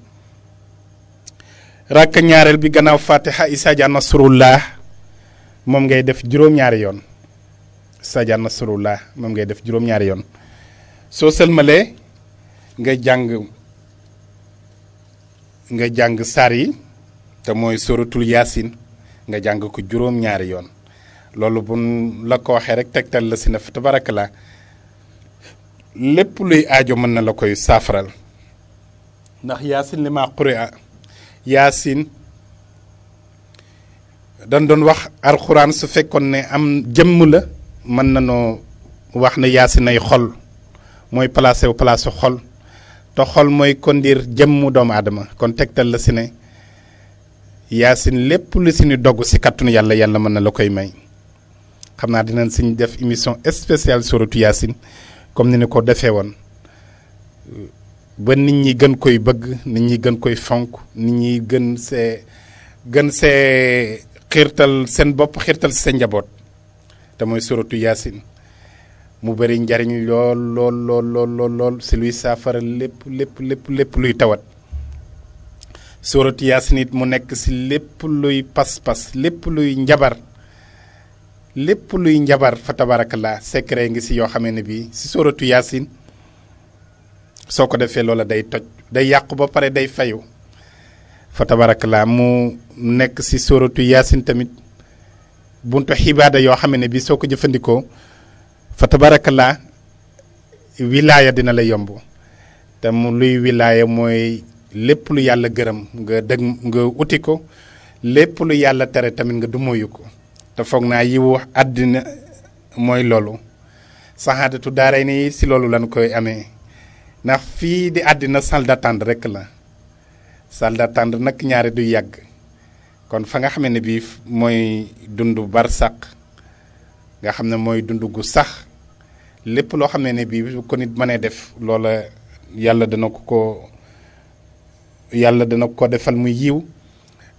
ràkk ñaareel bi gannaaw fatiha isaja nasrullah moom ngay def juróom-ñaari yoon isaja nasrullah moom ngay def juróom-ñaari yoon soo sëlmalee nga jàng nga jàng saar yi te mooy suratul yasin nga jàng ko juróom-ñaari yoon loolu bu la ko waxee rek tegtal la si lépp luy aajo mën na la koy saafaral ndax yaasin li ma xuri a yaasin dañ doon wax alxuraan su fekkoon ne am jëmm la mën na noo wax ne yaasin ay xol mooy placé wu placé xol te xol mooy kondir jëmm doomu aadama kon tegtal la si ne yaasin lépp lu si ni dogg si kàttanu yàlla yàlla mën na la koy may xam naa dinañ siñ def émission spéciale suratu yaasin comme ni ne ko defee woon ba nit ñi gën koy bëgg nit ñi gën koy fonk nit ñi gën see gën see xiirtal seen bopp xiirtal si seen njaboot te mooy suratu yaasin mu bëri njariñ lool lool lool lool si luy saafara lépp lépp lépp lépp luy tawat suratu yaasin it mu nekk si lépp luy pas-pas lépp luy njabar lépp luy njabar fa tabarakallah secret ngi si yoo xamee ne bii si sóoratu yaasin soo ko defee loola day toj day yàqu ba pare day fayu foto tabarakallah mu nekk si sóoratu yaasin tamit buntu xibaada yoo xamee ne bii soo ko jëfandikoo fa tabarakallah wilaaya dina la yomb te mu luy wilaaya mooy lépp lu yàlla gërëm nga dëgg nga uti ko lépp lu yàlla tere tamit nga du ko te foog naa yiwu àddina mooy loolu saxaadatu daaray ni si loolu lañ koy amee ndax fii di àddina salle d'attente rek la salle d'attente nag ñaari du yàgg kon fa nga xam ne bii mooy dund barsàq nga xam ne mooy dund gu sax lépp loo xam ne ne bii ko nit mënee def loola yàlla dana ko ko yàlla dana ko defal mu yiw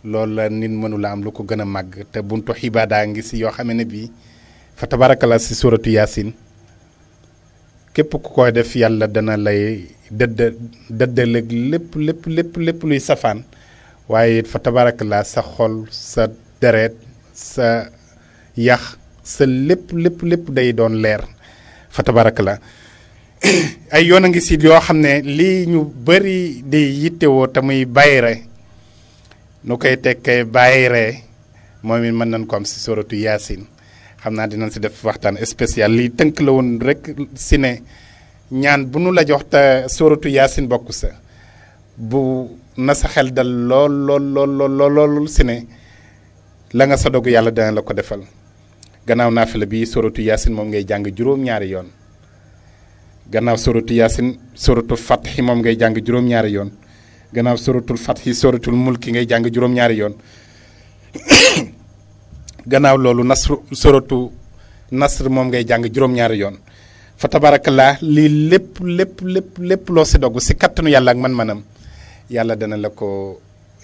loolu la nit mënula am lu ko gën a màgg te buntu daa ngi si yoo xam ne bii fa la si suratu yaasin képp ku koy def yàlla dana lay dëdda dëddaleeg lépp lépp lépp lépp luy safaan waaye it fa tabaarakala sa xol sa deret sa yax sa lépp lépp lépp day doon leer fa la ay yoon a ngi si yoo xam ne lii ñu bari di yittewoo te muy bàyyire nu koy tekkee bàyyi ree moom it mën nañ ko am si soratu yaasin xam naa dinañ si def waxtaan spécial lii tënk la woon rek si ne ñaan bu nu la jox te soratu yaasin bokk sa bu na sa xel dal lool lool lool lool lool si ne la nga sa dogu yàlla dana la ko defal gannaaw naafila bi soratu yaasin moom ngay jàng juróom-ñaari yoon gannaaw soratu yaasin soratu moom ngay jàng juróom-ñaari yoon gannaaw suratul fathi suratul mulki ngay jàng juróom-ñaari yoon gannaaw loolu nasru suratu nasr moom ngay jàng juróom-ñaari yoon fa tabarakallah lii lépp lépp lépp lépp loo si dogg si kattanu yàlla ak man-manam yàlla dana la ko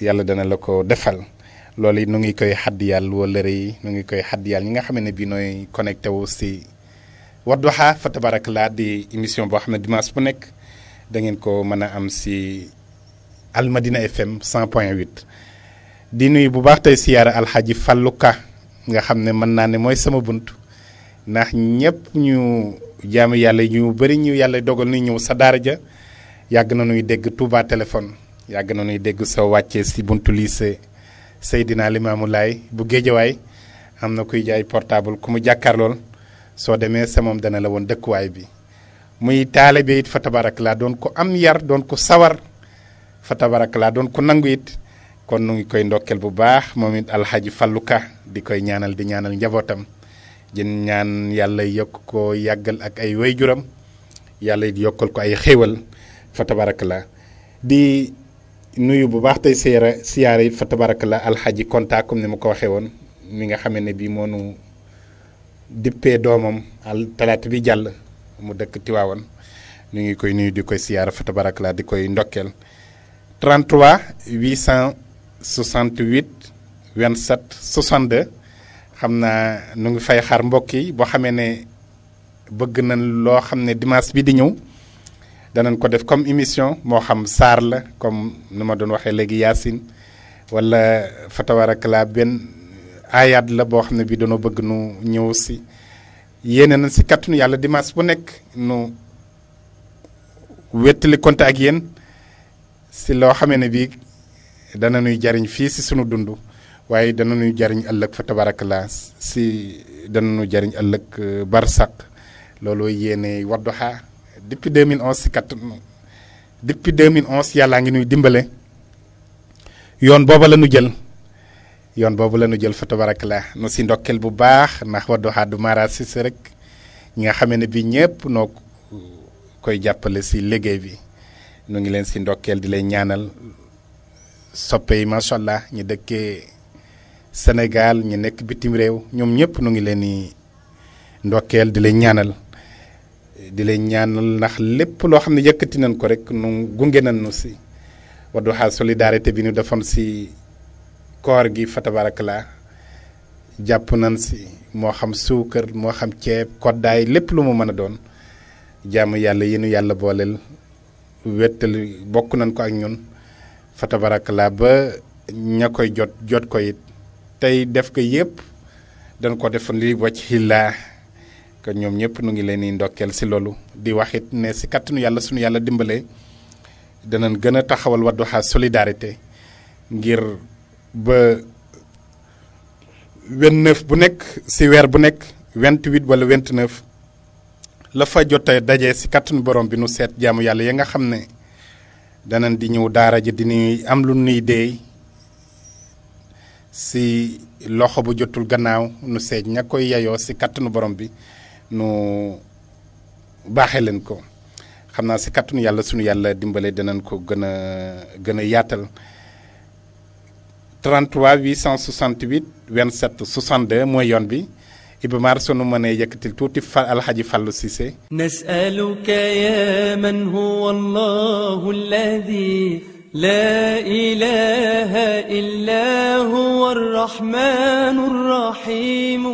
yàlla dana la ko defal loolu nu ngi koy xaddiyal wóllëre yi nu ngi koy xaddiyal ñi nga xam ne bii nooy connecté wu si Wadduha fa tabarakallah di émission boo xam ne dimanche bu nekk da ngeen ko mën a am si almadina fm 100 point 8 di nuy bu baax tey siyaara alxaaji Fallou Ka nga xam ne mën naa ne mooy sama bunt ndax ñëpp ñu jaamu yàlla ñu bari ñu yàlla dogal ni ñëw sa daara ja yàgg na nuy dégg Touba téléphone yàgg na nuy dégg soo wàccee si buntu lycée Seydina Limamou Laye bu géejawaay am na kuy jaay portable ku mu jàkkaarlool soo demee sa moom dana la woon dëkkuwaay bi muy taale fa tabarak laa doon ko am yar doon ko sawar fa tabarakalaa doon ku nangu it kon nu ngi koy ndokkeel bu baax moom it alxaaji falluka di koy ñaanal di ñaanal njabootam jën ñaan yàlla yokk yàggal ak ay wayjuram yàlla it yokkal ko ay xéewal fa tabarakalaa di nuyu bu baax tey siyaara siyaara it fa la alxaaji konta comme ni ma ko waxee woon mi nga xamee ne bii moo nu dippee doomam al talaata bi jàll mu dëkk Tiwaawan mu ngi koy nuyu di koy siyaara fa tabarakalaa di koy ndokkeel 33 868 27 62 xamna nu ngi fay xar ne bëgg nañ dimanche bi di ñëw danañ ko def comme émission mo xam sar la comme numa doon waxé nous wala la nous la Nous bi dañu bëgg nu ñëw ci nañ dimanche bu nu si loo xame ne bii dana nuy jariñ fii si sunu dund waaye dana nuy jariñ ëllëg fa tabarakallah si dana nuy jariñ ëllëg euh, barsak looloo yéene Wadduha depuis 2011 si kat depuis 2011 yàllaa ngi nuy dimbale yoon booba la jël yoon boobu la nu jël fa tabarakallah nu si ndokkel bu baax ndax Wadduha du mara si rek nga xame ne bii ñëpp noo koy jàppale si liggéey bi. nu ngi leen si ndokkeel di leen ñaanal soppe yi allah ñu dëkkee Sénégal ñu nekk bitim réew ñoom ñëpp nu ngi leen di ndokkeel di leen ñaanal di leen ñaanal ndax lépp loo xam ne yëkkati nañ ko rek nu gunge nañ nu si Wadduha solidarité bi ñu defam si koor gi fa tabarakallah jàpp nañ si moo xam suukar moo xam ceeb koddaay lépp lu mu mën a doon jàmm yàlla yàlla booleel Wetel bokunan nan ko ak ñun fa ba ña koy jot jot ko it tay def ko yépp dañ ko def li wacc xillaa kon ñoom ñëpp nu ngi leen di ndokkeel si di waxit ne ci katnu yalla sunu yalla dimbalé danañ gën a taxawal ha solidarité ngir ba 29 bu nek ci wër bu nek 28 wala 29 la fa jotee daje si kàttanu borom bi nu seet jaamu yàlla ya nga xam ne danañ di ñëw daara ji di nuy am lu nuy deey si loxo bu jotul gannaaw nu seet ña koy yayoo si kàttanu borom bi nu baaxee leen ko xam naa si kàttanu yàlla sunu yàlla dimbale ko gën a yaatal 33 868 27 62 mooy yoon bi. Iba Mar sunu mënee yëkkatil tuuti fa alxaji Fallou Cissé nasaluka ya man huwa allahu alladi laa ilaha illa huwa arrahmanu arrahimu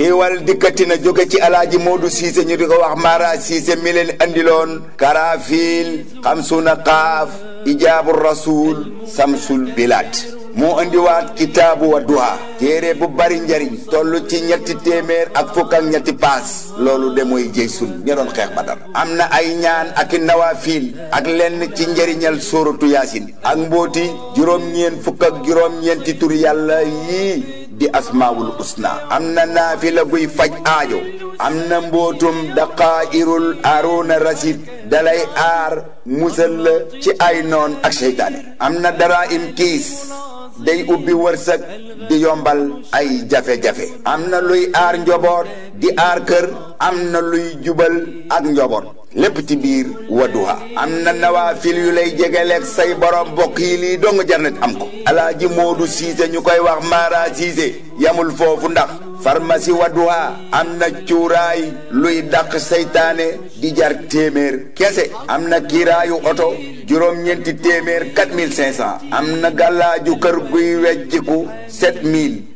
xiiwal dikkati na jóge ci alaaji Modou Cissé ñu di ko wax Mara Cissé mi leen andiloon karafiil xamsuna xaaf ijaabu rasul samsul bilaat moo indiwaat kitaabu Wadduha téere bu bari njariñ toll ci ñetti téeméer ak fukk ak ñetti paas loolu de mooy jëy sun ña doon xeex Badar am na ay ñaan ak i nawafiil ak lenn ci njariñal sóoratu yaasin ak mbóoti juróom-ñeen fukk ak juróom-ñeenti tur yàlla yii di asmaawul usna am na naafila guy faj ajo am na mbootum daqaa'irul aaroona rasid dalay aar musal la ci ay noon ak seytaane am na dara im kiis day ubbi wërsëg di yombal ay jafe-jafe am na luy aar njoboot di aar kër am na luy jubal ak njoboot lépp ci biir Wadduha am na nawaafil yu lay jegeleeg say borom mbokk yi lii dong jarnet am ko alaaji Moodu Siise ñu koy wax Mara Siise yamul foofu ndax pharmacie Wadduha am na cuuraay luy dàq seytaane di jar téeméer kese am na kiiraayu oto juróom-ñeenti téeméer 4500 am na gàllaaju kër guy wecciku 7000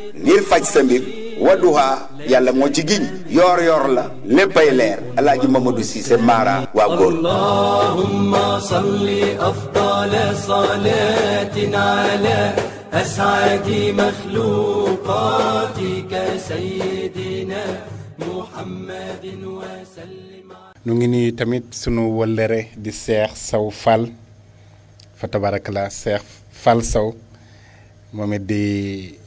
ngir faj sa mbir wadduha yàlla moo ci giñ yor yor la léppay leer alaaji mamadou cissé mara wa góor allahumma salli afdala salatin ala اسعد مخلوقاتك سيدنا محمد وسلم nu ngi ni tamit sunu wëllëre di cheikh saw fall fa tabarakallah cheikh fall saw momit di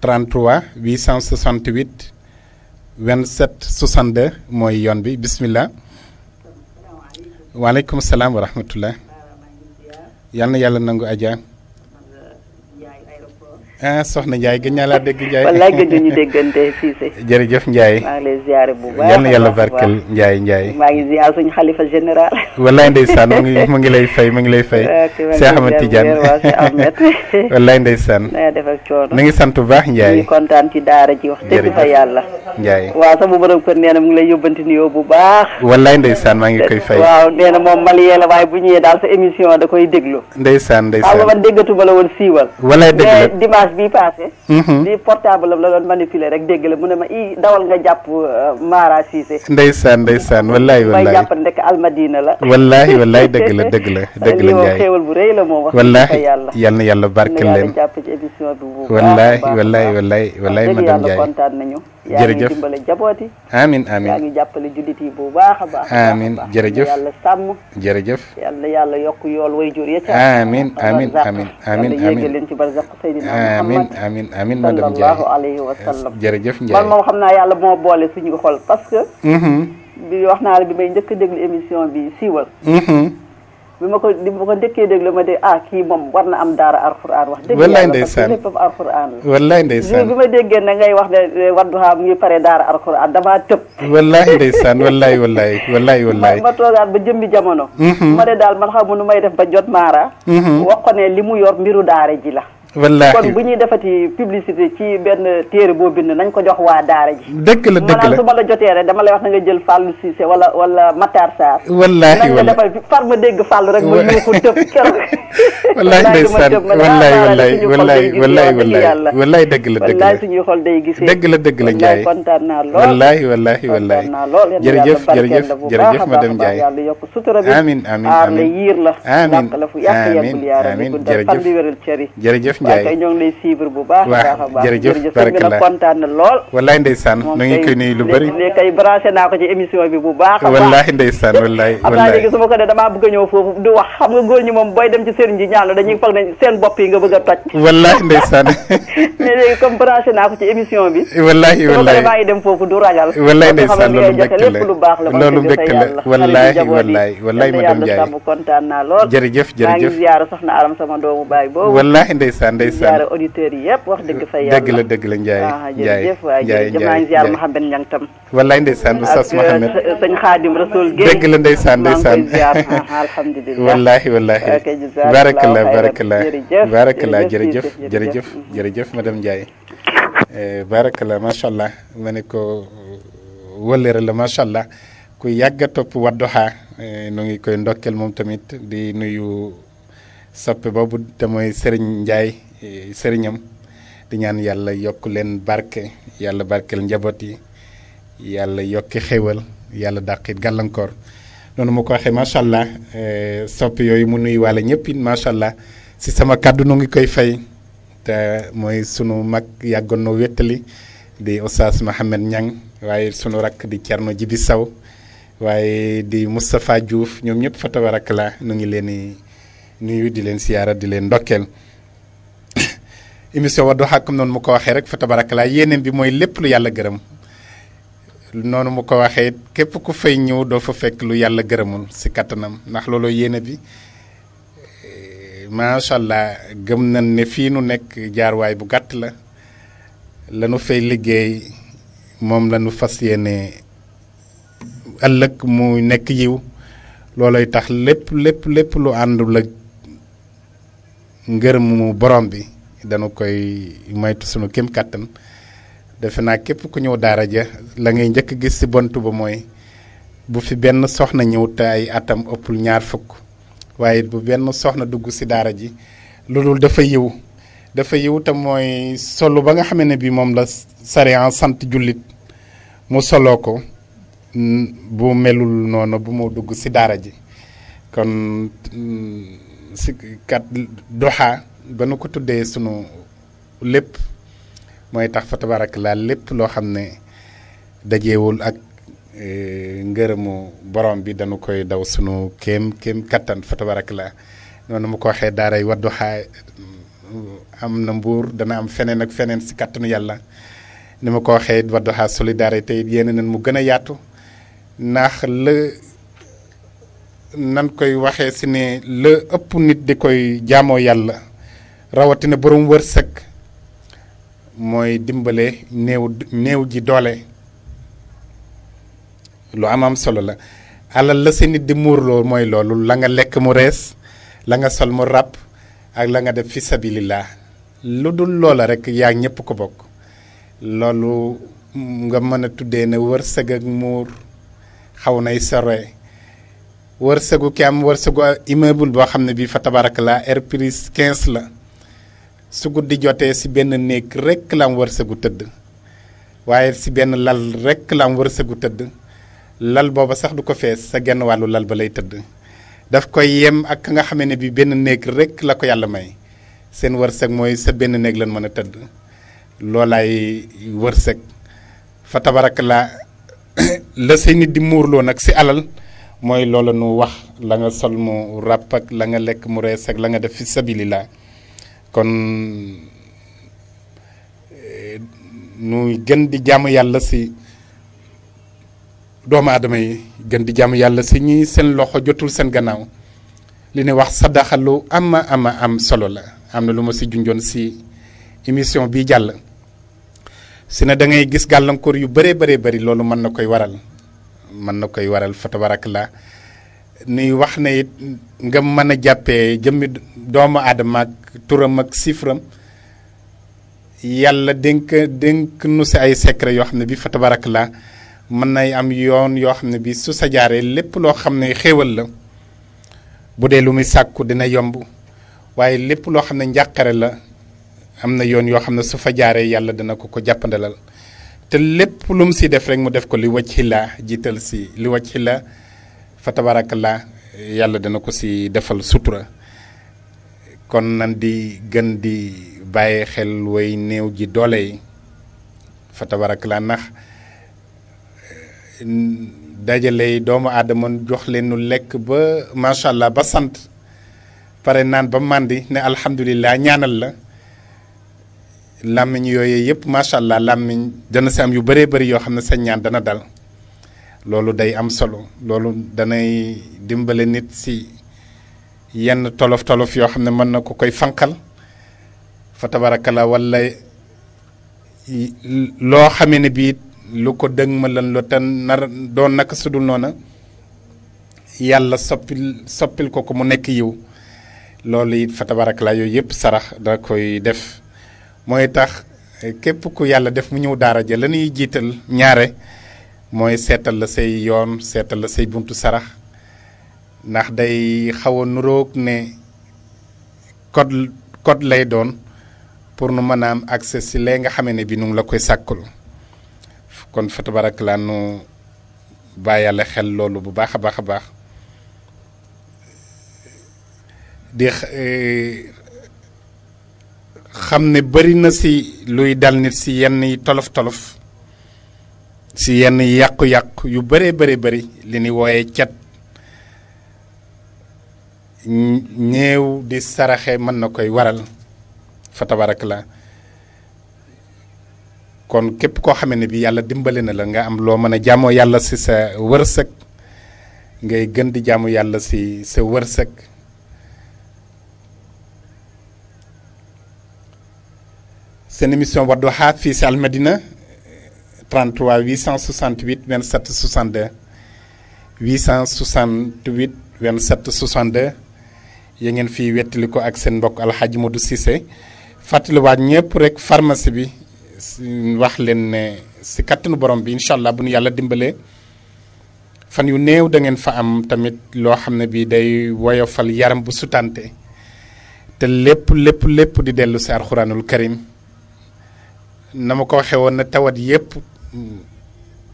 33 868 27 62 mooy yoon bi bismillah waaleykum salaam wa rahmatullah yal yàlla nangu Adja. ah soxna Ndiaye gën naa dégg Ndiaye wallaay gëj ñu déggante Cissé jërëjëf Ndiaye maa lay ziare bu baax yal na yàlla barkeel Ndiaye Ndiaye maa ngi ziare suñu xalifa général wallaay ndeysaan mu ngi mu ngi lay fay mu ngi lay fay ah, Cheikh Ahmed Tidiane wallaay ndeysaan na def ak coono mi ngi sant bu baax Ndiaye ñu kontaan ci daara ji wax dëgg fa yàlla Ndiaye waaw sama borom kër nee na ngi lay yóbbanti nuyoo bu baax wallaay ndeysaan maa ngi koy fay waaw nee na moom malien la bu ñëwee daal sa émission da koy déglu ndeysaan ndeysaan waaw man déggatuma la woon siiwal wallaay dégg dimanche bii passé. di mhm. portable am la doon manipuler rek dégg la mu ne ma i dawal nga jàpp euh, Mara Cissé. ndeysaan ndeysaan wallaay wallaay may jàpp ndek almadina la. wallaay wallaay dëgg la dëgg la dëgg la Ndiaye xéewal bu rëy la moom wax wallaay yal na yàlla barkeel leen jàpp ci émission bi bu wallaay wallaay wallaay wallaay madame Ndiaye kontaan nañu jërëjëf yaa ngi dimbale jaboot yi. amiin amiin yaa ngi jàppale juddit yi bu baax a baax. amiin jërëjëf yàlla sàmm. jërëjëf yàlla yàlla yokk yool way jur ya ca. amiin amiin amiin amiin yàlla yéegal leen ci barzaq Seydina Muhammad. amiin amiin madame Ndiaye sallallahu alayhi wa sallam. jërëjëf Ndiaye man moom xam naa yàlla moo boole suñu xol parce que. Mm-hmm. bi wax naa la bi may njëkk a déglu émission bi siiwal. Mm-hmm. bi ma ko bi ma ko njëkkee déglu ma de ah kii moom war na am daara alxuraan wax dëgg wallaay ndeysaan léppam alxuraan la wallaay ndeysaan bi ma déggee na ngay wax ne Wadduha mu ngi pare daara alxuraan damaa tëb wallaay ndeysaan wallaay wallaay wallaay wallaay ma toogaat ba jëmbi jamono mm-hmm. ma ne daal man xamu nu may def ba jot maara mm-hmm. wax ko ne li mu yor mbiru daara ji la wallahi kon defati publicité ci benn téere boo bind nañ ko jox waa daara ji dëgg la dëgg la su la jotee rek dama lay wax na nga jël fàllu siise wala wala matar saar wallahi wala defal far ma dégg rek ma ñu ko tëb kër wallahi ndeysaan ah, wallahi wallahi wallahi wallahi wallahi wallahi dëgg la dëgg la wallahi suñuy xol day gisee dëgg la dëgg la njaay kontaan naa lool wallahi wallahi wallahi jërëjëf jërëjëf jërëjëf madame njaay yàlla yokk sutura bi amin amin amin yiir la amin amin amin jërëjëf Ndiaye kay ñoo ngi lay suivre bu baax a baax jërëjëf barakallah kontaan na lool wallaay ndeysaan na ngi koy nuyu lu bëri ne kay branché naa ko ci émission bi bu baax a baax wallaay ndeysaan wallaay xam naa léegi su ma ko ne damaa bëgg a ñëw foofu du wax xam nga góor ñi moom booy dem ci seen ji ñaan dañuy fag ne seen bopp yi nga bëgg a toj wallaay ndeysaan mais léegi comme branché naa ko ci émission bi wallaay wallaay maa ngi dem foofu du ragal wallaay ndeysaan loolu mbégte la lépp lu baax la loolu mbégte la wallaay wallaay wallaay madame Ndiaye kontaan naa lool jërëjëf jërëjëf maa ngi ziyaara soxna aram sama doomu baay boobu wallaay ndeysaan ndeysaan ndeysaan ziar auditeurs yi yëpp wax dëgg fa yàlla dëgg la dëgg la Ndiaye ah, jërëjëf waay jërëjëf maa ngi ziar Mouhamed Niang tam wallaay ndeysaan oustaz euh, Mouhamed euh, sëñ Khadim Rasoul Gueye dëgg la ndeysaan ndeysaan alhamdulilah wallahi wallahi barakallah barakallah barakallah jërëjëf jërëjëf jërëjëf madame Ndiaye eh, barakallah macha allah ma ne ko wëllëre la macha allah ku yàgg a topp Wadduha eh, nu ngi koy ndokkel moom tamit di nuyu soppe boobu te mooy jai Ndiaye eh, sëriñam di ñaan yàlla yokk leen barke yàlla barkeel njaboot yi yàlla yokki xéwal yàlla dàqit gàllankoor noonu ma ko waxee macha allah eh, sopp yooyu mu nuyu waale ñëpp it macha allah si sama kàddu nu ngi koy fay te mooy sunu mag yàggoon noo wéttali di Oustaz Mohamed Niang waaye sunu rakk di Thierno Djibi Sow waaye di Mustafa Diouf ñoom ñëpp fa tabarak la nu ngi leen nuyu di leen siyaara di leen ndokkeel émission Wadduha comme noonu mu ko waxee rek fa tabarakalaa yéeneen bi mooy lépp lu yàlla gërëm noonu mu ko waxee képp ko fay ñëw doo fa fekk lu yàlla gërëmul si kàttanam ndax looloo yéene bi eh, macha allah gëm nañ ne fii nu nekk jaarwaay bu gàtt la lanu fay liggéey moom lanu fas yéene ëllëg mu nekk yiw loolay tax lépp lépp lépp lu àndul ak ngërëmu borom bi dañu koy moytu sunu kéem kàttan defe naa képp ku ñëw daara ja la ngay njëkk gis bontu ba mooy bu fi benn soxna ñëw te ay atam ëppul ñaar fukk waaye bu benn soxna dugg ci daara ji loolu dafa yiw dafa yiw te mooy solo ba nga xam ne bi moom la sant jullit mu soloo ko bu melul noonu bu moo dugg ci daara ji kon si kat doxaa ba nu ko tuddee sunu lépp mooy tax foto tabarak laa lépp loo xam ne dajewul ak e, ngërëmu borom bi dañu koy daw sunu kem kéem kattan fa tabarak laa noonu mu ko waxee daaray wadduxaa am na mbuur dana am feneen ak feneen si kattanu yàlla ni ma ko waxee wadduxaa solidarité yéen nañ mu gën a yaatu ndax la nan koy waxee si ne la ëpp nit di koy jaamoo yàlla rawatina borom wërsëg mooy dimbale néew néew ji doole lu am am solo la alal la si nit di muurloo mooy loolu la nga lekk mu rees la nga sol mu ràpp ak la nga def fi sabilillah lu dul loola rek yaa ñëpp ko bokk loolu nga mën a tuddee ne wërsëg ak muur xaw nay sore wërsëgu ki am wërsëgu immeuble boo xam ne bii fa tabarakallah air prise 15 la su guddi jotee si benn néeg rek la am wërsëgu tëdd waaye si benn lal rek la am wërsëgu tëdd lal booba sax du ko fees sa genn wàllu lal ba lay tëdd daf koy yem ak ka nga xamee ne bii benn néeg rek la ko yàlla may seen wërsëg mooy sa benn néeg lan mën a tëdd loolaay wërsëg fa tabarakallah la say nit di muurloo nag si alal. Moy lolo nu wax la nga sol mu rap ak la nga lek mu res ak la nga def fi sabilillah kon eh, nu gën di jaamu yalla ci doomu adamay gën di jaamu yalla ci ñi seen loxo jotul seen gannaaw li ne wax sadaxalu amma amma am solo la am luma ci ma si si émission bi jall si da ngay gis galankor yu bëree bëree bëri lolu man na koy waral mën na koy waral fa la nuy wax na it nga mën a jàppe jëmmi doomu aadama ak turam ak sifram yàlla dénk dénk nu si ay secret yoo xam ne bi fa la mën nay am yoon yoo xam ne bi su sa jaaree lépp loo xam ne xéewal la bu dee lu muy sàkku dina yomb waaye lépp loo xam ne njàqare la am na yoon yoo xam ne su fa jaaree yàlla dina ko ko jàppandalal te lépp lu mu si def rek mu def ko li wacc xilaa jiital si li wacc xilaa fa tabarakallah yàlla dana ko si defal sutura kon nan di gën di bàyyi xel way néew ji doole yi fa nax ndax eh, dajale doomu aadama jox leen nu lekk ba macha allah ba sant pare naan ba màndi ne alhamdulilah ñaanal la làmmiñ yooyee yëpp macha allah làmmiñ dana si am yu bëree bëri yoo xam ne sa ñaan dana dal loolu day am solo loolu danay dimbale nit si yenn tolof tolof yoo xam ne mën na ko koy fanqal fa tabarakala wala loo xam ne bii lu ko dëng ma lan lu te nar doon naka sudul noona yàlla soppil soppil ko ko mu nekk yiw loolu it fa tabarakala yooyu yëpp sarax da koy def mooy tax képp ku yàlla def mu ñëw daara ja la jiital ñaare mooy seetal la say yoon seetal la say buntu sarax ndax day xaw a nuroog ne code code lay doon pour nu mën a am si lee nga xame ne bi nu ngi la koy sàkkul kon fa laa nu bàyyale xel loolu bu baax a baax a baax xam ne bari na si luy dal nit si yenn yi tolof tolof si yenn yàqu-yàqu yu bëree bëri bari li ni wooye cet ñeew di saraxe mën na koy waral fa la kon képp koo xamee ne bi yàlla dimbali na la nga am loo mën a jàmmoo yàlla si sa wërsëg ngay gën di jaamu yàlla si sa wërsëg seen émission Wadduha fii si Almadina 33 868 27 62 868 27 62 ya ngeen fii wettali ko ak seen mbokk Alxaaji Modou Cissé fàttaliwaat ñëpp rek pharmacie bi wax leen ne si kattanu borom bi incha allah bu nu yàlla dimbalee fan yu néew da ngeen fa am tamit loo xam ne bii day woyofal yaram bu sutante te lépp lépp lépp di dellu si alxuraanul karim na ma ko waxee woon na tawat yépp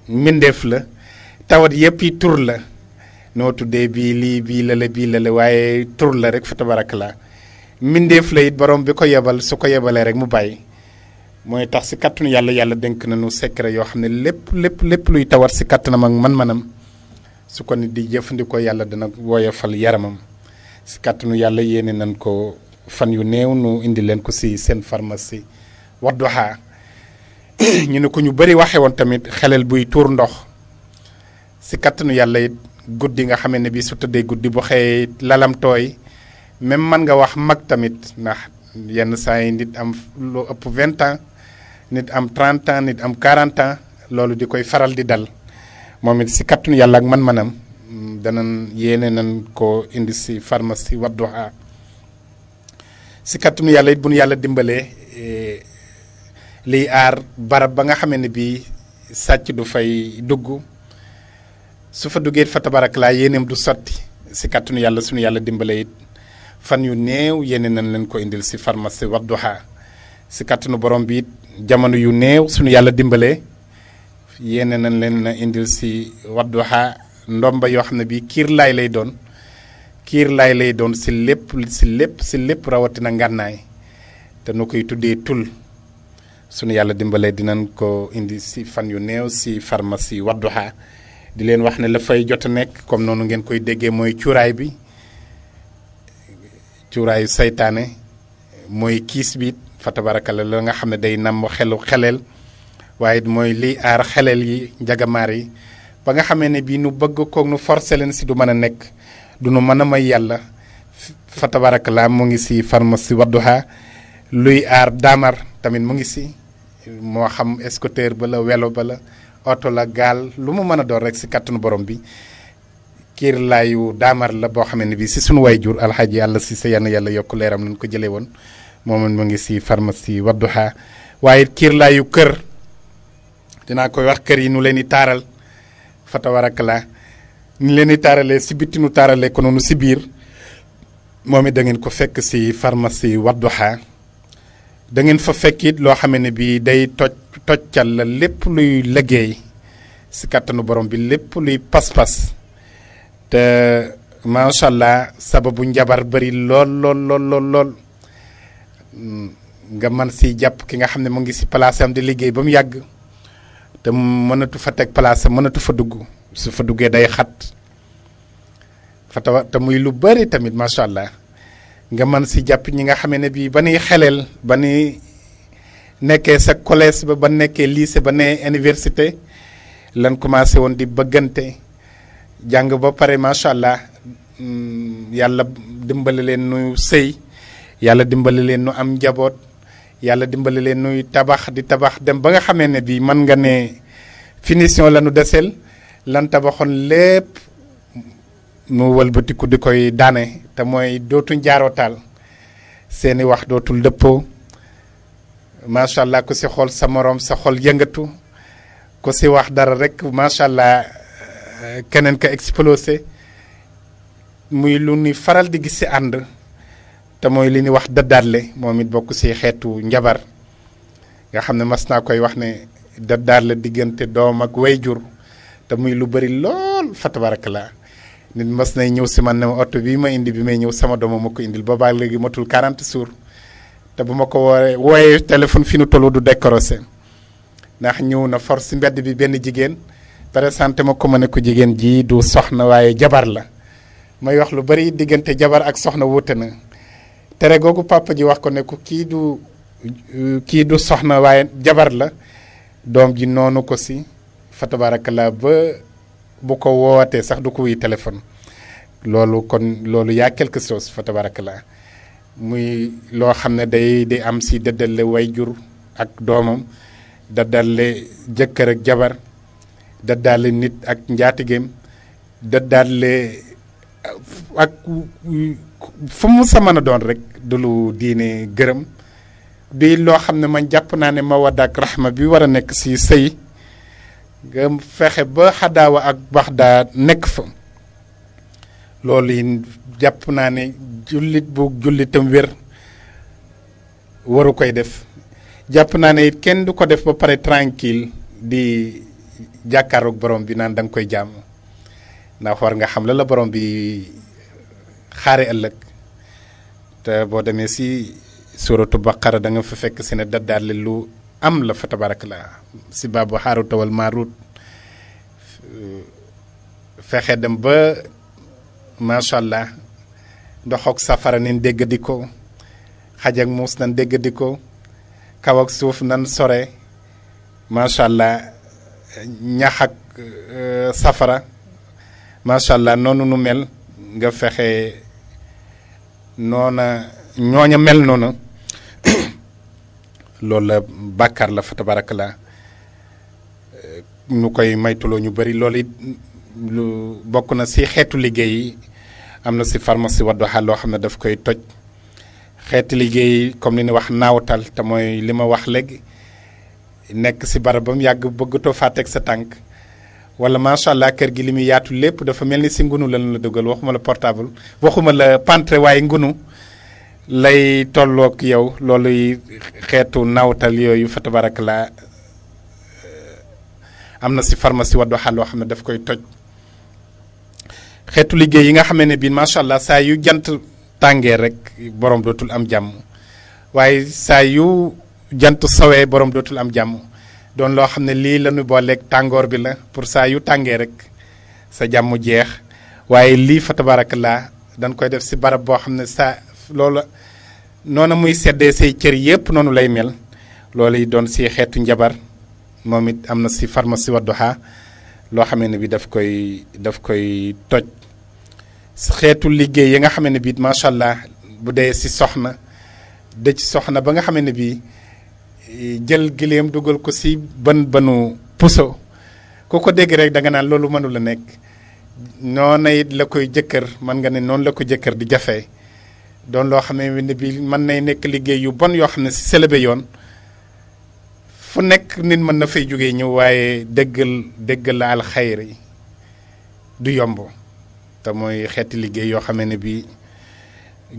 mbindeef la tawat yëpp yi tur la noo tuddee bii lii bii la la bii la la waaye tur la rek fa tabarakalaa mbindeef la borom bi ko yebal su ko yebalee rek mu bàyyi mooy tax si kàttanu yàlla yàlla dénk na nu secret yoo xam ne lépp lépp lépp luy tawat si kàttanam ak man-manam su ko nit di jëfandikoo yàlla dana woyofal yaramam si kàttanu yàlla yéene nañ ko fan yu néew nu indi leen ko si seen pharmacie Wadduha ñu ne ko ñu bari waxe woon tamit xelal buy tuur ndox si kattanu yàlla yit guddi nga xamee ne bii su tëddee guddi bu xëyee lalam tooy même man nga wax mag tamit ndax yenn saa yi nit am lu ëpp vingt nit am trente nit am quarante loolu di koy faral di dal moom it si kattanu yàlla ak man-manam mm, danan yéene nan ko indi si pharmacie Wadduha si kattanu yàlla it bu nu yàlla dimbalee. Eh, liy aar barab ba nga xamee ne bii sàcc du fay dugg su fa duggee fa tabarak laa yéeneem du sotti si kàttanu yàlla suñu yàlla dimbale it fan yu neew yéene nañ leen ko indil si pharmacie Wadduha si kàttinu borom bi it jamono yu néew suñu yàlla dimbale yéene nañ leen indil si Wadduha ndomba yoo xam ne bii kiir laay lay doon kiir laay lay doon si lépp si lépp si lépp rawatina ngànnaay te nu koy tuddee tul sunu yàlla dimbalee dinañ ko indi si fan yu néew si farmasi Wadduha di leen wax ne la fay jot a nekk comme noonu ngeen koy déggee mooy cuuraay bi cuuraayu seytaane mooy kiis bi fa tabarakalla la nga xam ne day nam xelu xeleel waaye mooy liy aar xeleel yi njagamaar yi ba nga xamee ne bii nu bëgg kook nu forcé leen si du mën a nekk du nu mën a may yàlla fa tabarakalla mu ngi si farmasi Wadduha luy aar daamar tamit mu ngi si moo xam scooter ba la welo ba la oto la gaal lu mu mën a doon rek si kàttanu borom bi kiir layu daamar la boo xamee ne bi si sunu waay jur alxaaji yàlla si sa yenn yàlla yokk leeram nañ ko jëlee woon moom mu ngi si pharmacie wadduha waaye kiir layu kër dinaa koy wax kër yi nu leen di taaral la ni leen taaralee si nu taaralee ko noonu si biir moom da ngeen ko fekk si pharmacie wadduha da ngeen fa fekkit loo xamee bi day toj toccal la lépp luy liggéey si kàttanu borom bi lépp luy pas-pas te macha allah sababu njabar bari lool lool lool lool lool mm, nga man si jàpp ki nga xam ne mu ngi si place am di liggéey ba mu yàgg te mënatu fa teg place am mënatu fa dugg su fa duggee day xat fa te muy lu bari tamit macha allah. nga man si jàpp ñi nga xamee ne bii ba nuy xeleel ba nuy nekkee sa collège ba ba nekkee lycée ba ne université lan commencé woon di bëggante jàng ba pare macha allah mm, yàlla dimbali leen nuy sëy yàlla dimbali leen nu am njaboot yàlla dimbali leen nuy tabax di tabax dem ba nga xamee ne bii man nga ne finition lanu nu deseel lan tabaxoon lépp. nu walbatiku di koy daane te mooy dootuñ jaaroo seeni wax dootul dëppoo macha allah ku si xool sa moroom sa xol yëngatu ku si wax dara rek macha allah eh, keneen ka explosé muy lu ni faral di gis si ànd te mooy li ñuy wax dëddaale moom it bokk si xeetu njabar nga xam ne mas naa koy wax ne dëddaale diggante doom ak way jur te muy lu bari lool fa la nit mas nay ñëw si man ne ma oto bi ma indi bi may ñëw sama dooma ma ko indil boobaa léegi matul 40 jours te bu ma ko woowee wooyee téléphone fi nu tollu du décorosé ndax ñëw na for si mbedd bi benn jigéen présenté ma ko ma ne ko jigéen ji du soxna waaye jabar la may wax lu bari diggante jabar ak soxna wuute na tere googu papa ji wax ko ne ko kii du kii du soxna waaye jabar la doom ji noonu ko si fa tabaarakallaa ba. bu ko wootee sax du ko wuy téléphone loolu kon loolu yaa quelque chose fa tabarakallah muy loo xam ne day di am si dëddale wayjur ak doomam dëddale jëkkër ak jabar dëddale nit ak njaatigeem dëddale uh, ak fu mu sa mën a doon rek du lu diine gërëm di loo xam ne man jàpp naa ne ma wadd ak raxma bi war a nekk si sëy nga fexe ba xaddaawa ak baxdaa nekk fa loolu yi jàpp naa ne jullit bu jullitam wér waru koy def jàpp naa ne it kenn du ko def ba pare tranquille di jàkkaaroog borom bi naan danga koy jàmm ndax war nga xam la la borom bi xaare ëllëg te boo demee si suratu baqara da nga fa fekk si ne lu am la fa tabarak la si babu xaaruta wal marut fexe dem ba ma sha allah ndox ak safara nin déggadi diko xaj ak mus nan déggadi diko kaw ak suuf nan sore ma sha allah ñax ak safara ma sha allah nonu nu mel nga fexe nona ñoña mel nonu loolu la bàkkaar la fa tabaraka la nu koy maytuloo ñu bari loolu it lu bokk na si xeetu liggéey yi am na si pharmacie Wadduha loo xam ne daf koy toj xeetu liggéey comme li ñu wax naawtal te mooy li ma wax léegi nekk si barabam yàgg bëggatoo faa teg sa tànk walla macha allah kër gi li muy yaatu lépp dafa mel ni si ngunu lan la dugal waxuma la portable waxuma la pantre waaye ngunu lay tolloog yow loluy xeetu nawtal yooyu fa tabarak la am na si pharmacie Wadduha loo xam ne daf koy toj xeetu liggéey yi nga xamee ne bii macha allah saa yu jant tàngee rek borom dootul am jàmm waaye saa yu jant sowee borom dootul am jàmm doon loo xam ne lii la ñu booleeg tàngoor bi la pour saa yu tàngee rek sa jàmm jeex waaye lii fa tabarak la dañ koy def si barab boo xam ne saa. loolu noona muy sedde say cër yépp noonu lay mel loolu yi doon si xeetu njabar moom it am na si pharmacie Wadduha loo xam ne bi daf koy daf koy toj xeetu liggéey yi nga xam ne bii macha allah bu dee si soxna dëj soxna ba nga xam ne bii jël gileem dugal ko si ban banu puso koo ko dégg rek danga naan loolu mënu la nekk noona it la koy jëkkër mën nga ne noonu la ko jëkkër di jafe doon loo xam ne bi mën nay nekk liggéey yu bon yoo xam ne si selebe yoon fu nekk nit mën na fay jógee ñëw waaye déggal déggal la alxayr yi du yomb te mooy xeeti liggéey yoo xam ne bi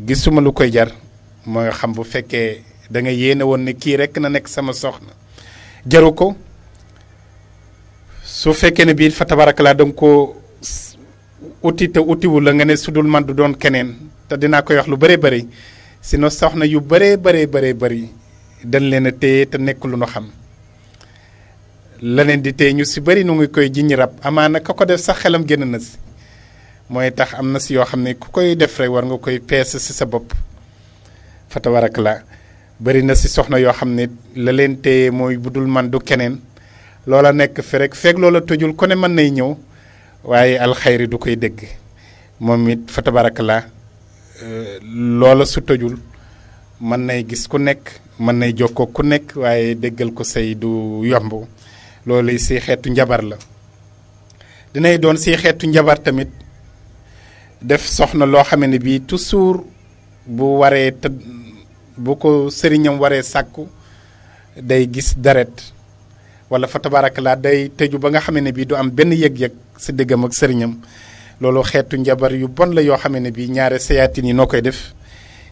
gisuma lu koy jar mooy xam bu fekkee da nga yéene woon ne kii rekk na nekk sama soxna jaru ko su fekkee ne bii fa tabarak laa da ko uti te utiwu la nga ne su dul man du doon keneen te dinaa koy wax lu bëree bëri sinon soxna yu bëree bëree bëree bëri dañ leen a téye te nekk lu nu xam la di téye ñu si bëri nu ngi koy jiñ rab amaana ka ko def sax xelam génn na si mooy tax am na si yoo xam ne ku koy def rek war nga koy peese si sa bopp fatawarak la bari na si soxna yoo xam ne la leen téye mooy bu dul man du keneen loola nekk fi rek feeg loola tëjul ku ne mën nay ñëw waaye alxayri du koy dégg moom it fatabarak la Euh, loola su tëjul mën nay gis ku nekk mën nay jokkoo ku nekk waaye déggal ko say du yomb loolu si xeetu njabar la dinay doon si xeetu njabar tamit def soxna loo xame ne bii toujours bu waree tëdd bu ko sëriñam waree sàkku day gis deret wala fa tabaarakalaa day tëju ba nga xam ne bii du am benn yëg-yëg si diggam ak sëriñam loolu xeetu njabar yu bon la yoo xam ne bii ñaare sayaatin yi noo koy def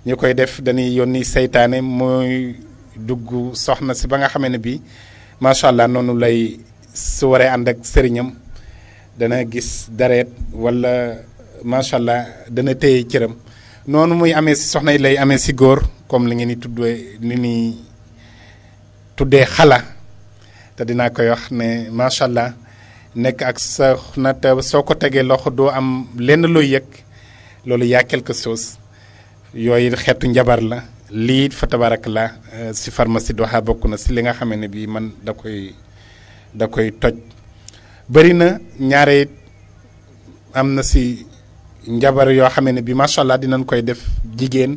ñu koy def dañuy yónni saytaane mooy dugg soxna si ba nga xam ne bii macha allah noonu lay su waree ànd ak sëriñam dana gis dareet wala macha allah dana téye cëram noonu muy amee si soxna yi lay amee si góor comme li ngeen ni tuddee ni ni tuddee xala te dinaa koy wax ne macha allah. nekk ak sa na soo ko tegee loxo doo am lenn loo yëg loolu yaa quelque chose yooyu xeetu njabar la lii fa tabarak la euh, si pharmacie Wadduha bokk na si li nga xamee ne bii man da koy da koy toj bëri na ñaare am na si njabar yoo xamee ne bi macha allah dinañ koy def jigéen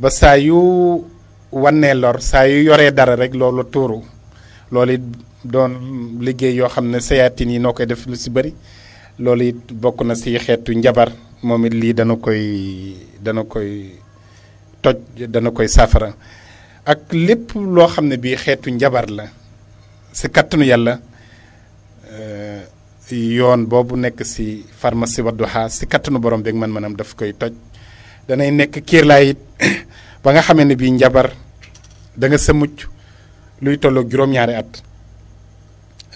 ba saa yu wannee lor saa yu yore dara rek loolu tuuru loolu it doon liggéey yoo xam ne sayaatin yi noo koy def lu si bëri loolu it bokk na si xeetu njabar moom it lii dana koy dana koy toj dana koy saafara ak lépp loo xam ne bii xeetu njabar la si kattanu yàlla eh, yoon boobu nekk si pharmacie Wadduha si kattanu borom beeg man manam daf koy toj danay nekk kiirlaay it ba nga xamee ne bii njabar da sa mucc luy tolloog juróom-ñaari at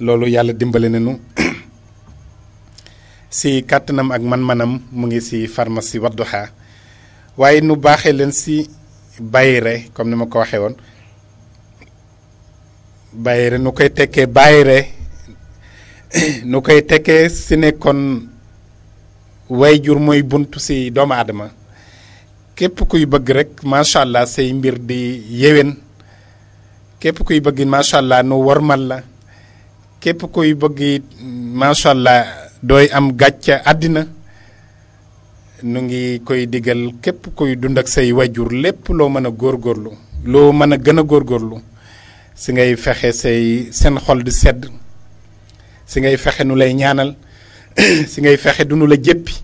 loolu yàlla dimbali nañu si kàttanam ak man-manam mu ngi si pharmacie Wadduha waaye nu baaxee leen si bayre comme ni ma ko waxee woon bayre nu koy tekkee bayre nu koy tekkee si ne kon waajur mooy bunt si doomu aadama képp kuy bëgg rek macha allah say mbir di yéwén képp kuy bëgg macha allah nu warmal la képp kuy bëgg it macha allah dooy am gàcca adina nu ngi koy digal képp kuy dund ak say wajur lépp loo mën a góorgóorlu loo mën a gën a góorgóorlu si ngay fexe say seen xol di sedd si ngay fexe nu lay ñaanal si ngay fexe du nu la jéppi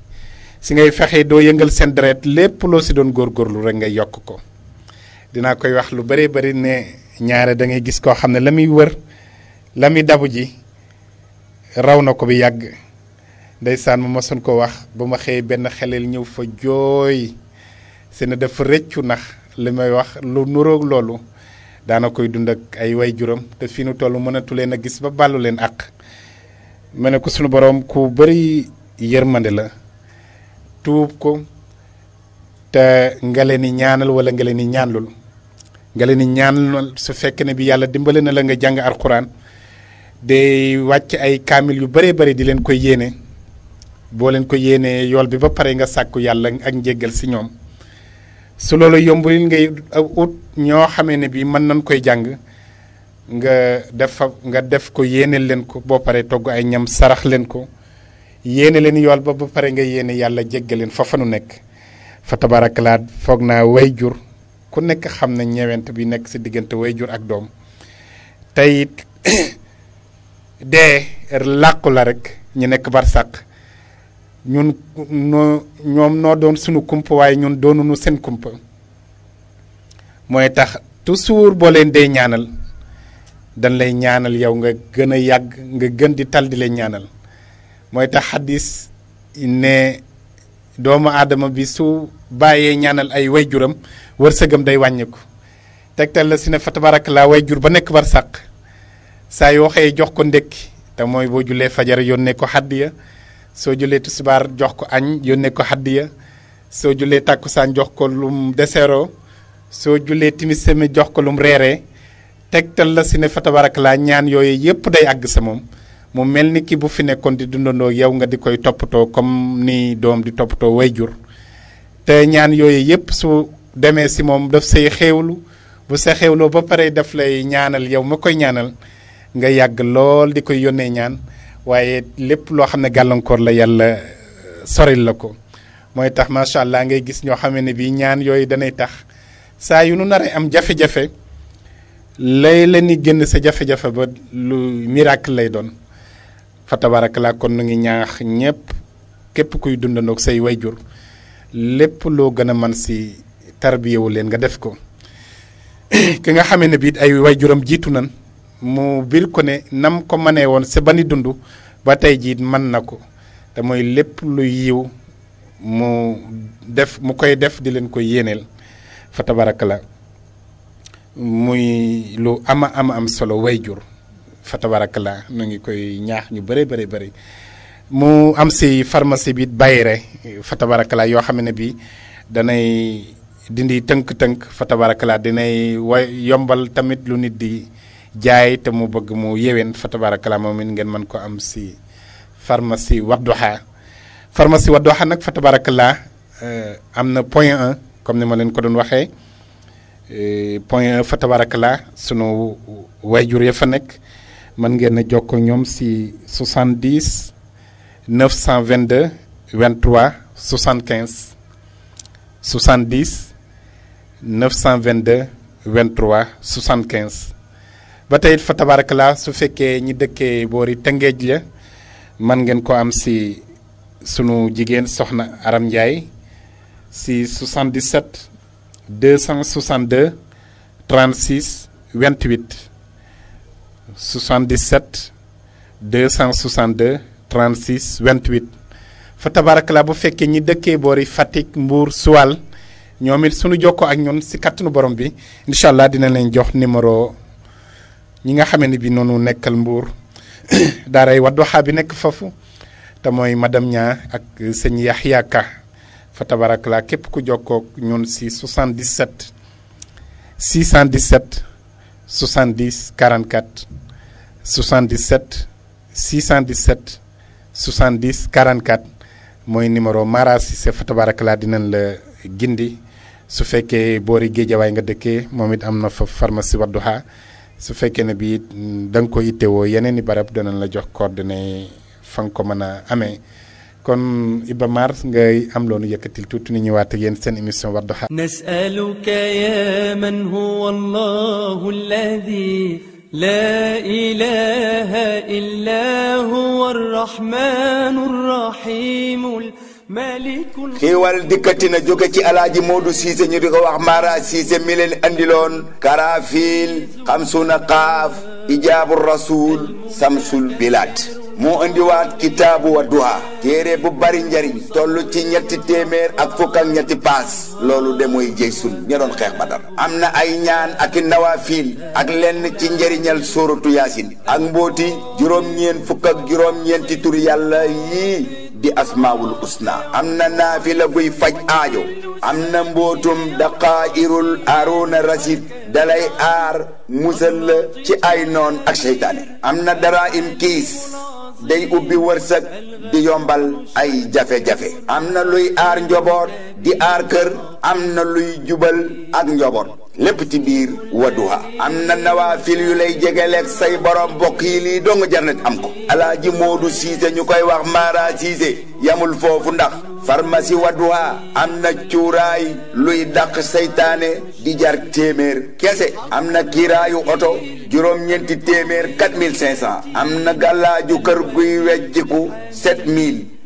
si ngay fexe doo yëngal seen deret lépp loo si doon góorgóorlu rek nga yokk ko dinaa koy wax lu bëree bëri ne ñaare da ngay gis koo xam ne wër la dabu ji raw na ko bi yàgg ndeysaan ma mosoon ko wax ba ma xëyee benn xeleel ñëw fa jooy si ne dafa rëccu ndax li may wax lu nuroog loolu daana koy dund ak ay way juram te fi nu toll mënatu leen a gis ba bàllu leen àq ma ne ko sunu boroom ku bari yërmande la tuub ko te nga leen di ñaanal wala nga leen di ñaanlul nga leen ñaanal su fekkee ne bi yàlla dimbale na la nga jàng alxuraan day wàcc ay kaamil yu bëree bëri di leen koy yéene boo leen ko yéenee yool bi ba pare nga sàkku yàlla ak njéggal si ñoom su loolu yombulil ngay ut ñoo xamee ne bii mën nañ koy jàng nga def nga def ko yéene leen ko boo paree togg ay ñam sarax leen ko yéene leen yool ba ba pare nga yéene yàlla jéggal leen fa fa nu nekk fa tabaarakalaat foog naa way jur ku nekk xam na ñewent bi nekk si diggante way jur ak doom tey dee er làqu la rek ñu nekk barsàq ñun noo ñoom noo doon sunu kumpa waaye ñun doonunu seen kumpa mooy tax toujours boo leen dee ñaanal dañ lay ñaanal yow nga gën a yàgg nga gën di tal di lay ñaanal mooy tax xadis ne doomu aadama bi su bàyyee ñaanal ay wayjuram wërsëgam day wàññiku tegtal la si ne fa tabarak laa jur ba nekk barsàq saa yoo xëyee jox ko ndékki te mooy boo julee fajar yónnee ko xaddiya soo jullee tisbaar jox ko añ yónnee ko xaddiya soo jullee tàkkusaan jox ko lum deseeroo soo julee timis semi jox ko lum reeree tegtal la si ne fa tabarak laa ñaan yooyu yépp day àgg sa moom mu mel ni ki bu fi nekkoon di dundandoo yow nga di koy toppatoo comme ni doom di toppatoo wayjur te ñaan yooyu yépp su demee si moom daf say xéewlu bu sa xewloo ba pare daf lay ñaanal yow ma koy ñaanal nga yàgg lool di koy yónnee ñaan waaye lépp loo xam ne gàllankoor la yàlla euh, soril la ko mooy tax macha allah ngay gis ñoo xam ne bii ñaan yooyu danay tax saa yu nu naree am jafe-jafe lay la ni génn sa jafe-jafe ba lu miracle lay doon fa tabarakalaa kon nu ngi ñaax ñëpp képp kuy dundandoog say wayjur lépp loo gën a man si tarbiyewu leen nga def ko ki nga xamee ne bii ay wayjuram jiitu nan mu bir ko ne nam ko mëne woon sa bani dund ba tey jiit man na ko te mooy lépp lu yiw mu def mu koy def di leen ko yéeneel fa tabaraka muy lu ama ama am solo wayjur fa tabaraka la ngi koy ñaax ñu bëri bëri bëri mu am si farmasi bi bayre fa tabaraka yoo xam ne bi danay dindi tënk-tënk fa tabaraka la dinay way yombal tamit lu nit di jaay te mu bëgg mu yéwén fa tabaarakala moom it ngeen mën ko am si pharmacie Wadduha pharmacie Wadduha nag fa tabaarakala euh, am na point 1 comme ni ma leen ko doon waxee euh, point 1 fa tabaarakala sunu jur ya fa nekk man ngeen a jokkoo ñoom si 70 922 23 75 70 922 23 75. ba tey fa tabarakalaa su fekkee ñi dëkkee boori tëngeej la mën ngeen ko am si sunu jigéen soxna Aram Ndiaye si 77 262 36 28 77 262 36 28 fa tabarakalaa bu fekkee ñi dëkkee boori Fatick Mbour Suwal ñoom it sunu jokkoo ak ñun si kattanu borom bi incha allah dina leen jox numéro ñi nga xamee ni bi noonu nekkal mbuur daaray wadduha bi nekk foofu te mooy madame ñaa ak sëñ Yaxya Ka fa tabarak la ku jokkoo ñun si 77 617 70 44 77 617 70 44 mooy numéro Mara Cissé fa tabarak dinañ la gindi su fekkee boori géejawaay nga dëkkee moom it am fa pharmacie wadduha su fekkee ne bii da nga ko ittewoo yeneen i barab danañ la jox coordonnées fang ko meuna amé kon Iba mars ngay am lonu yëkkatil tout ni ñëwaat ak yéen seen émission war Wadduha nasaluka ya man huwa allahu alladi la ilaha illa huwa arrahmanu arrahimu xiiwal dikkati na jóge ci alaaji Modou Cissé ñu di ko wax Mara Cissé mi leen andiloon karafil xamsuna xaaf ijaabu rasul samsul bilaat moo indiwaat kitaabu Wadduha téere bu bari njariñ toll ci ñetti téeméer ak fukk ñetti paas loolu de mooy jëy sun ña doon xeex Badar am na ay ñaan ak i nawafiil ak lenn ci njariñal sóoratu yaasin ak mbóoti juróom-ñeen fukk ak juróom-ñeenti tur yàlla yii di asmaawul usna am na naafila buy faj aajo am na mbootum daqaa'irul aaroona rasid dalay aar musal ci ay noon ak seytaane am na dara im kiis day ubbi wërsëg di yombal ay jafe-jafe am na luy aar njoboot di aar kër am na luy jubal ak njoboot lépp ci biir Wadduha am na nawaafil yu lay jegeleeg say borom mbokk yi lii dong jarnet am ko alaaji Moodu Siise ñu koy wax Mara Siise yamul foofu ndax pharmacie Wadduha am na cuuraay luy dàq seytaane di jar téeméer kese am na kiiraayu oto juróom-ñeenti téeméer 4500 am na gàllaaju kër guy wejjiku 7000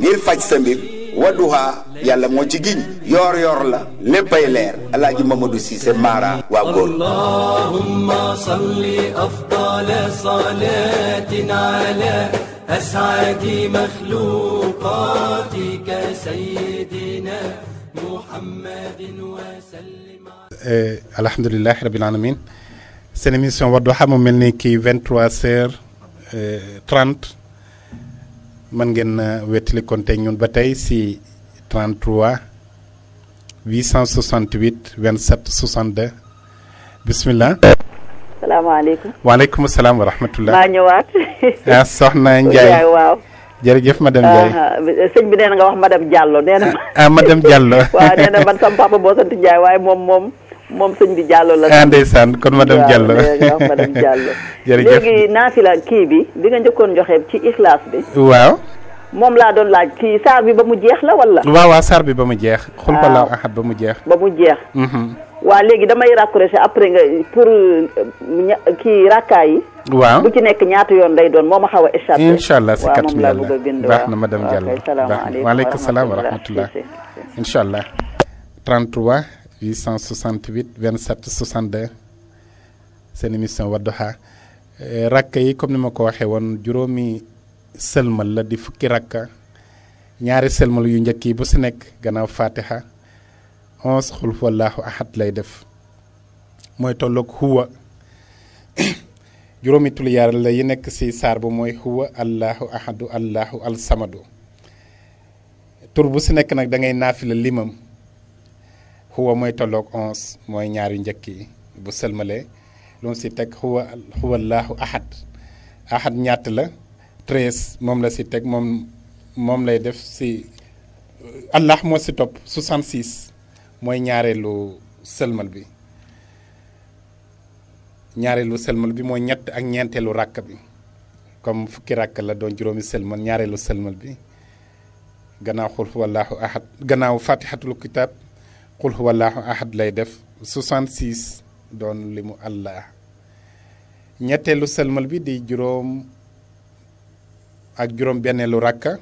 ngir faj sa mbir waduha yàlla mo ci giñ yor yor la léppay leer alaaji Mamadou Cissé Mara wa góor allahumma salli afdal salatina ala اسعد مخلوقاتك سيدنا محمد وسلم sallim الحمد لله رب العالمين سنة ميسيون mu mel ni kii 23 heures 30 man ngeen euh, wétali konte ñun ba tey si 33 868 27 62 bismillah salaamaaleykum wa rahmatullah ñëwaat ah soxna jërëjëf madame Ndiaye sëñ ah madame Diallo waaw papa sant Ndiaye waaye moom sëñ bi Diallo la. ah kon ma dem waaw madame Diallo. jërëjëf léegi naafila kii bi bi nga njëkkoon joxee ci ixlaas bi. waaw. moom laa doon laaj kii saar bi ba mu jeex la wala. waaw waaw saar bi ba mu jeex. waaw xul wala ahad ba mu jeex. ba mu jeex. Mm-hmm. waa léegi damay raccourcir après nga pour euh, kii rakkaa yi. waaw bu ci nekk ñaata yoon lay doon moo ma xaw a échappé. incha allah si kàttu yàlla baax na madame Diallo baax na waaleykum salaam wa rahmatullah incha allah 33. 868 27 62 seen émission Wadduha eh, rakk yi comme ni ma ko waxee woon juróomi sëlmal la di fukki rakka ñaari sëlmal yu njëkk yi bu si nekk gannaaw fatiha onze xul wallaahu ahad lay def mooy tolloog huwa juróomi tul la yi nekk si saar bu mooy huwa allahu ahadu allahu alsamadu tur bu si nekk nag da ngay naafila limam هو موي تولوك اونس موي نياري نجاكي بو سلمالي لون سي تك هو هو الله احد احد نيات لا تريس موم لا سي تك موم موم لاي ديف سي الله مو سي توب 66 موي نياري لو سلمال بي نياري لو سلمال بي موي نيات اك نينتلو راك بي كوم فكي راك لا دون جيرومي سلمال نياري لو سلمال بي غناو خول هو الله احد غناو فاتحه الكتاب qul huwallaahu ahad lay def 66 doon limu allah ñetteelu sëlmal bi di juróom ak juróom benneelu rakka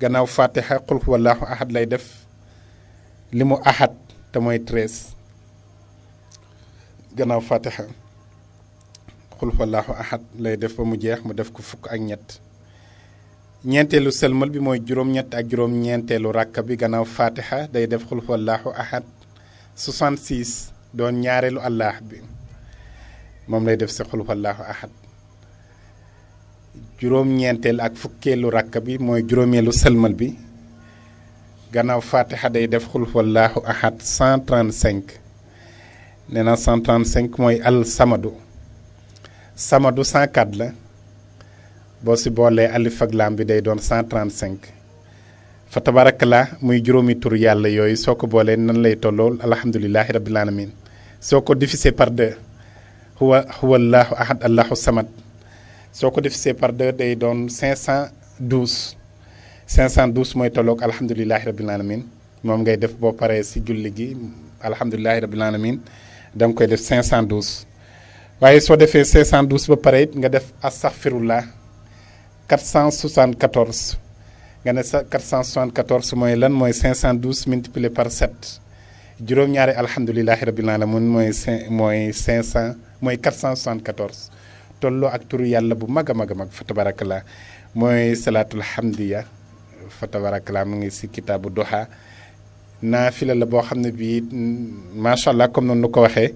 gannaaw fatiha qul huwallaahu ahad lay def limu ahad te mooy 13 gannaaw fatiha qul huwallaahu ahad lay def ba mu jeex mu def ko fukk ak ñett ñeenteelu sëlmal bi mooy juróom-ñett ak juróom-ñeenteelu ràkka bi gannaaw fatiha day def xul wallaahu ahad 66 doon ñaareelu allah bi moom lay def si xul ak fukkeelu ràkka bi mooy juróomeelu sëlmal bi gannaaw fatiha day def xul wallaahu ahad 135 nee na mooy al samadu samadu 104 la boo si boolee alif ak lam bi day don 135 fa tabarakallah muy juromi tur yàlla yoy soko bolé nan lay tollool alhamdulilahi rabbil alamin soko ko par deux huwa huwa allah ahad allah samad soko ko par deux day don 512 512 moy tolloog alhamdulilahi rabbil alamin mom ngay def bo paré si julli gi alhamdulilahi rabbil alamin dang koy def 512 waye so defé 512 ba pare nga def astaghfirullah 474 nga ne sa 474 mooy lan mooy 512 multiplié par 7 juróom-ñaari alhamdulilahi rabbil alamin mooy cinq mooy 500 mooy 474 tolloo ak turu yàlla bu mag a mag a mag fa tabarakallah mooy salaatul hamdiya fa tabarakallah mu ngi si kitaabu doxa naafila la boo xam ne bii macha allah comme noonu nu ko waxee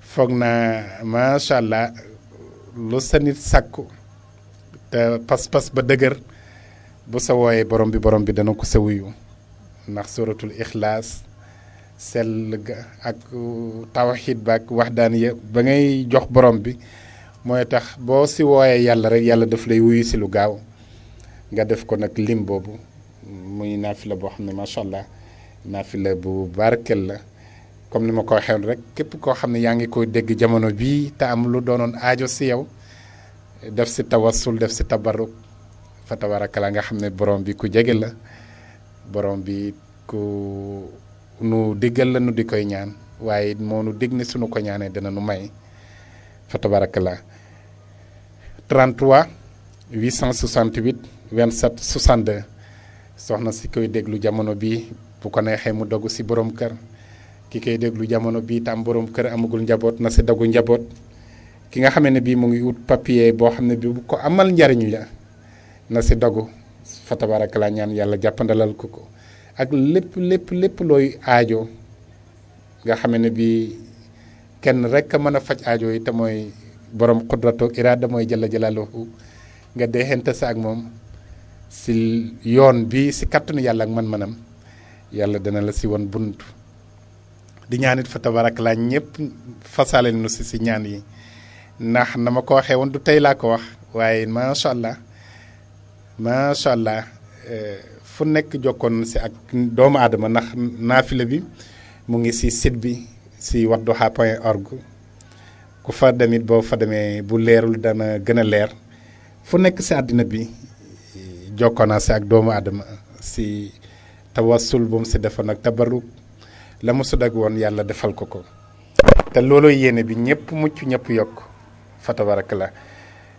foog naa macha allah lu sa nit sàkku te pas-pas ba dëgër bu sa wooyee borom bi borom bi dana ko sa wuyu ndax suratul ixlaas ga ak tawxiid ba ak waxdaan ya ba ngay jox borom bi mooy tax boo si wooyee yàlla rek yàlla daf lay wuyu si lu gaaw nga def ko nag lim boobu muy la boo xam ne macha allah naafila bu barkel la comme ni ma ko waxee rek képp koo xam ne yaa ngi koy dégg jamono bii te am lu doonoon aajo si yow. def si tawassul def si tabaruk fa tabarakala nga xam ne borom bi ku jege la borom bi ku nu diggal la nu di koy ñaan waaye moo nu dig ne sunu ko ñaanee dana nu may fa tabarakala 33 868 27 62 soxna si koy déglu jamono bi bu ko neexee mu dogu si borom kër ki koy déglu jamono bi tam borom kër amagul njaboot na si dogu njaboot ki nga xamee ne bii mu ngi wut papier bo bi bu ko amal njariñu la na ci dogu fa tabaarakalaa ñaan yalla jappandalal ko ko ak lepp lepp lepp loy aajo nga xamee ne kenn rek mëna faj aajo yi te moy borom qudratu irada moy jalla jalaluhu nga deexente sa ak mom si yoon bi si kattu yalla ak man-manam yalla dana la si won buntu di ñaanit fa tabaarakalaa ñëpp fasaale si si ñaan yi ndax na ma ko waxee woon du tey laa ko wax waaye macha allah macha allah eh, fu nekk jokkoon si ak doomu aadama ndax naafila bi mu ngi si sit bi si wadduha point org ku fa demit boo fa demee bu leerul dana gën a leer fu nekk si àddina bi jokkoo naa si ak doomu aadama si tawassul bu mu si defoon ak tabaruk la mu su woon yàlla defal ko ko te looloo yéene bi ñëpp mucc ñëpp yokk fa tabarakallah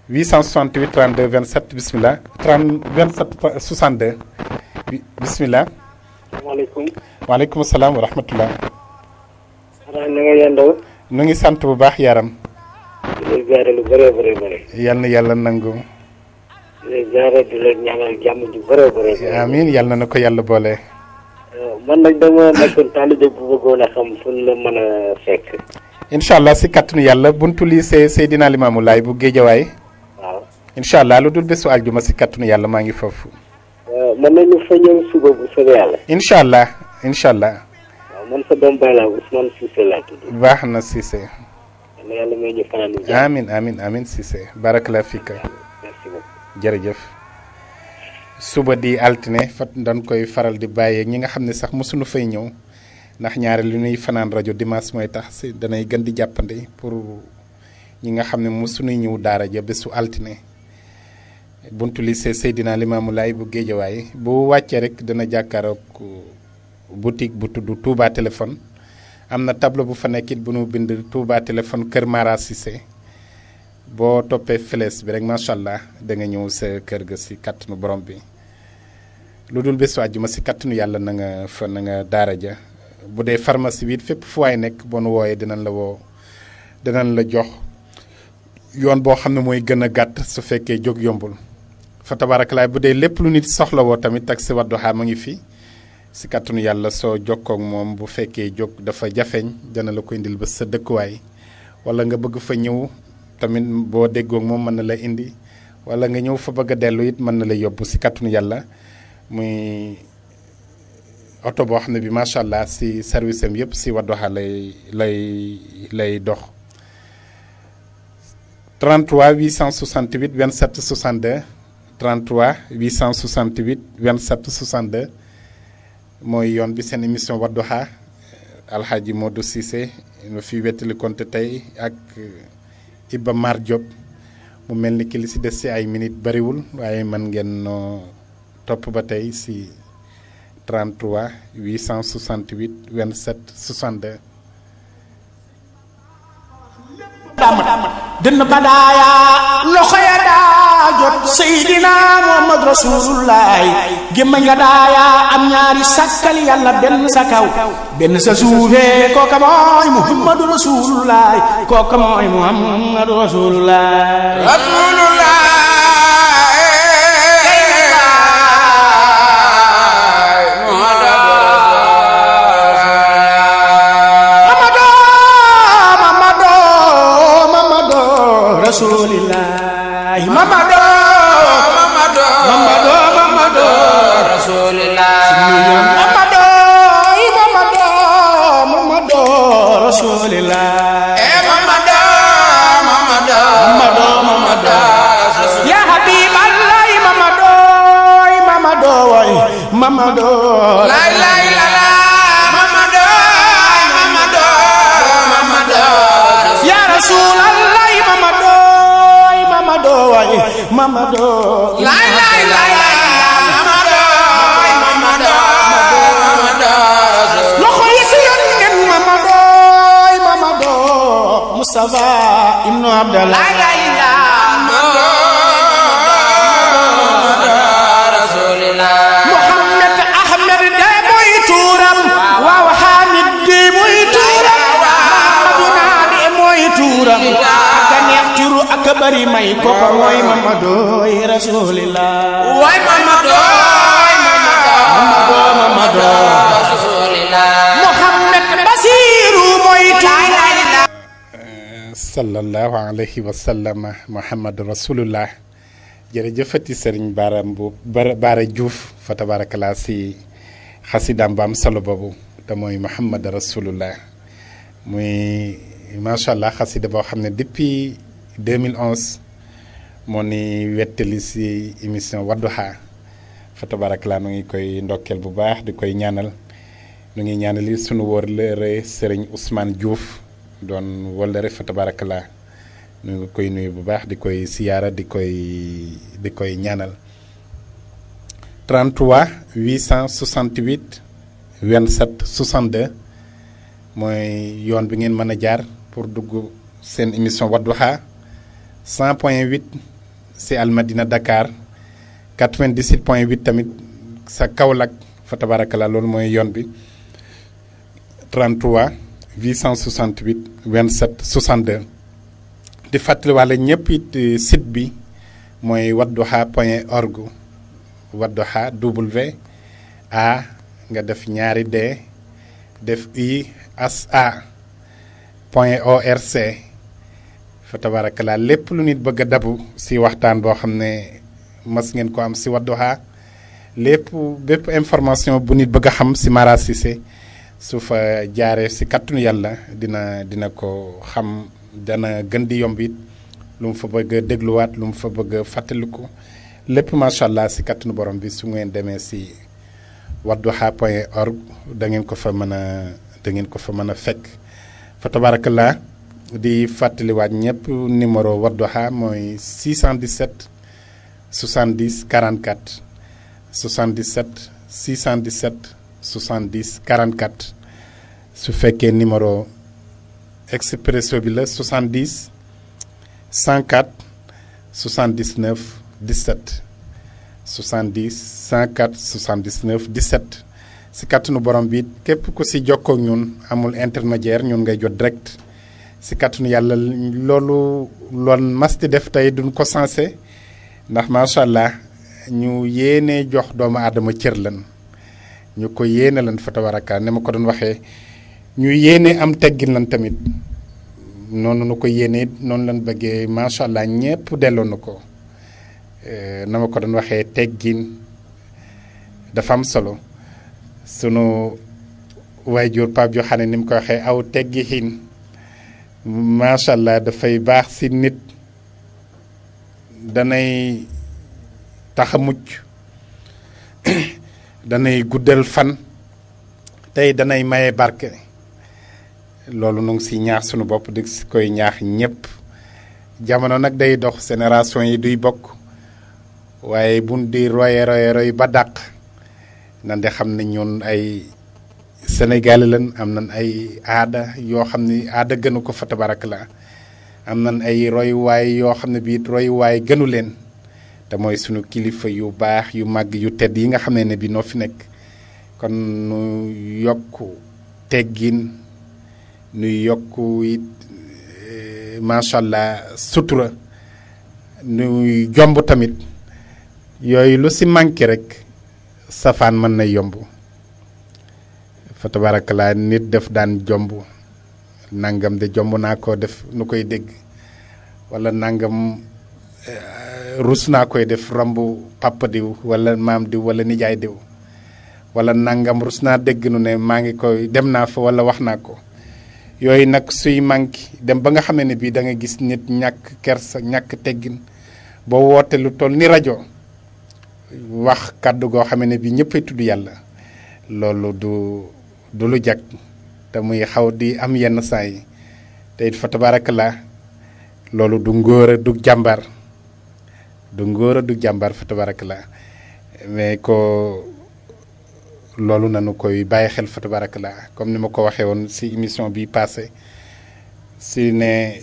868 32 27 bismillah 30 27 62 bismillah. waaleykum. waaleykum salaam wa rahmatullah. xanaa na nga yendoo. nu ngi sant bu baax yaram. di leen yal na yàlla nangu. yal ko yàlla boole. Euh, man nag dama nekkoon taalibe bu bëggoon xam fu la mën a fekk. Insyaallah si kattanu yalla buntu lycée sayidina Limamou lay bu geje way inshallah lu dul besu aljuma si kattanu yalla ma ngi foofu. Euh, mën nañu Insyaallah, insyaallah. suba bu soobee yalla inshallah inshallah incha man sa dom bay usman Ousmane Cissé tudd. baax na Cissé. may ñu fanaan amin amin amin Cissé barakalaa fika. jere jef suba di altine fat dan koy faral di baye ñi nga xamne sax musunu fay ñew ndax ñaari li ñuy fanaan rajo dimanche mooy tax si danay gën di jàppandi pour ñi nga xam ne mosuñuy ñëw daara ja bésu altine buntu lycée Seydina Limamou Lay bu Géejawaay bu wàccee rek dana jàkkaarook boutique bu tudd Touba téléphone am na tableau bu fa nekkit bu nu bind Touba téléphone Kër Mara Cissé boo toppee flèche bi rek macha allah da nga ñëw sa kër ga si kàttanu borom bi lu dul bésu àjjuma si yàlla na nga fa na nga daara ja bu dee pharmacie bi it fépp fu waay nekk boo nu wooyee dinañ la woo dinañ la jox yoon boo xam ne mooy gën a gàtt su fekkee jóg yombul fa tabaarakalaay bu dee lépp lu nit soxla woo tamit ak si Wadduha ma ngi fi si kàttanu yàlla soo jokkoo ak moom bu fekkee jóg dafa jafeñ dana la ko indil ba sa dëkkuwaay wala nga bëgg fa ñëw tamit boo déggoo ak moom mën na la indi wala nga ñëw fa bëgg a dellu it mën na la yóbbu si kàttanu yàlla muy. auto boo xam ne bi macha allah si service am yëpp si Wadduha lay lay lay dox 33 868 27 62 33 868 27 62 mooy yoon bi seen émission Wadduha Alxaaji Modou Cissé nu fi wettali compte tey ak Iba Mar Diop mu melni ki li ci dess ci ay minute bariwul waaye man ngeen noo topp ba tey si 33 868 27 62 dënn badaaya loxo ya jot muhammad nga am ñaari sa Mamadou lay lay la la Mamadou Mamadou Mamadou ya Rasulallah Mamadou Mamadou way Mamadou lay lay la la Mamadou Mamadou Mamadou loxo yi Mustafa ibnu Abdallah turam ak a neex turu ak a bari may kooka muhammad basiru mooy turam sëriñ Baara Juuf fa tabaarakallaa si xasidaam ba am solo boobu te mooy muhammad rasulillah muy macha allah xasida boo xam ne depuis 2011 moo ni wettali si émission Wadduha fa tabarakallah nu ngi koy ndokkeel bu baax di koy ñaanal nu ngi ñaanali sunu wóorlëre Serigne Ousmane Diouf doon wóorlëre fa tabarakallah nu ngi koy nuyu bu baax di koy siyaara di koy di koy ñaanal 33 868 27 62 mooy yoon bi ngeen mën a jaar pour dugg Sen émission Wadouha 100.8 c'est Almadina Dakar 97.8 tamit sa Kaolak, fa tabaarakala Yonbi. 33 868 27 62. di fait, le site bi mooy wadouha.org. point w a nga def ñaari d def i as a point orc, fa tabarakalaa lépp lu nit bëgg dabu si waxtaan boo xam ne mas ngeen ko am si Wadduha lépp bépp information bu nit bëgg a xam si Mara Cissé su fa si kàttanu yalla dina dina ko xam dana gën di yomb it lu mu fa bëgg a dégluwaat lu mu fa bëgg fàttaliku si borom bi su ngeen demee si wadduha org da ngeen ko fa mën a da ngeen ko fa mën a fekk. fa tabarakallah di numéro 617 70 44 77 617 70 44 su fekkee numéro Expresso bi 70 104 79 17 70 104 79 17. si kàttanu borom bi képp ku si jokkoo ñun amul intermédiaire ñun ngay jot direct si kàttanu yàlla loolu loon mas def tey duñ ko sensé ndax macha allah ñu yéene jox doomu aadama cër lan ñu ko yéene lan foto tabaraka ni ma ko doon waxee ñu yéene am teggin lan tamit noonu nu ko yéene noonu lan bëggee macha allah ñëpp delloo na ko eh, na ma ko doon waxee teggin dafa am solo. sunu waajur Pape Joxaane ni mu ko waxee aw teggi xiin allah dafay baax si nit danay tax danay guddal fan tey danay maye barke loolu nu ngi si ñaax sunu bopp di koy ñaax ñépp jamono nag day dox génération yi duy bokk waaye buñ di roye roye ba dàq nan de xam ne ñun ay sénégalais lan am na ay aada yoo xam ne aada gënu ko fa tabarak la am na ay royuwaay yoo xam ne bii royuwaay gënu leen te mooy sunu kilifa yu baax yu màgg yu tedd yi nga xam ne ne bi noo fi nekk kon nu yokk teggin nu yokk it eh, macha allah sutura nu jomb tamit yooyu lu si manqué rek safaan mën na yomb fa tabarakalaa nit def daan jomb nangam de jomb naa ko def nu koy dégg wala nangam eh, rus naa koy def romb papa diw wala maam diw wala nijaay diw wala nangam rus naa dégg nu ne maa ngi koy dem naa fa wala wax naa ko yooyu nag suy manki dem ba nga xamee ne da nga gis nit ñàkk kersa ñàkk teggin boo woote lu toll ni rajo wax kaddu goo xam ne bi ñëppay tudd yàlla loolu du du lu jag te muy xaw di am yenn saa yi te it fa tabaarakallaa loolu du ngóora du du ngóora du jàmbaar fa tabaarakallaa mais ko loolu nanu koy bàyyi xel fa tabaarakallaa comme ni ma ko waxee woon si émission bi passé si ne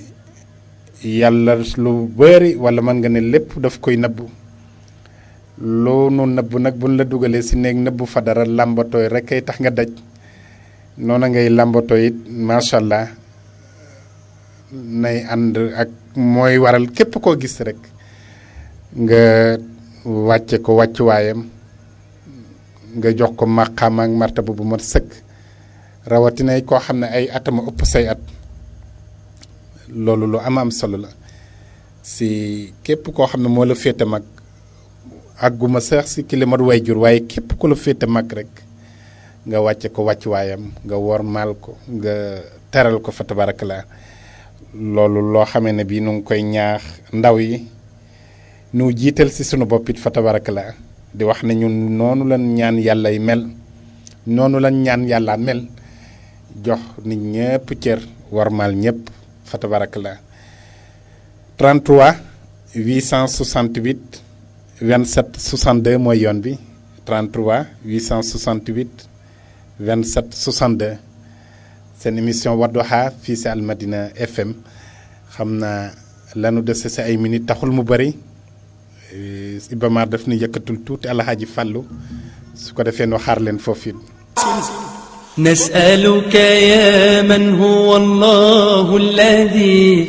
yàlla lu bëri wala man nga ne lépp daf koy nabbu loo nu nëbb nag buñ la dugalee si néeg nëbbu fa dara làmbatooy rek kay tax nga daj noona ngay làmbatooy it macha allah nay ak mooy waral képp koo gis rek nga wàcce ko wàccuwaayam nga jox ko màqaama ak martaba bu mat sëkk rawatina koo xam ne ay atama ëpp say loolu lu am am solo la si képp koo xam ne moo la féete mag aguma sax si kilimat wayjur waye kep ko lo fete mak rek nga wacce ko wayam nga mal ko nga teral ko fa tabarakala lolou lo xamee ne bii nu koy ñaax ndaw yi nu jital ci sunu bopit fa tabarakala di wax ne ñun nonu lan ñaan yalla mel nonulan lan ñaan yalla mel jox nit cer war mal ñepp fa tabarakala 33 868 27 62 mooy yoon bi 33 868 27 62 seen émission Wadduha fii si Almadina FM xam naa lanu dese si ay minutes taxul mu bëri Ibamar daf nu yëkkatul tuuti Alxaaji Fàllu su ko defee nu xaar leen foofu it. نسألك يا من هو الله الذي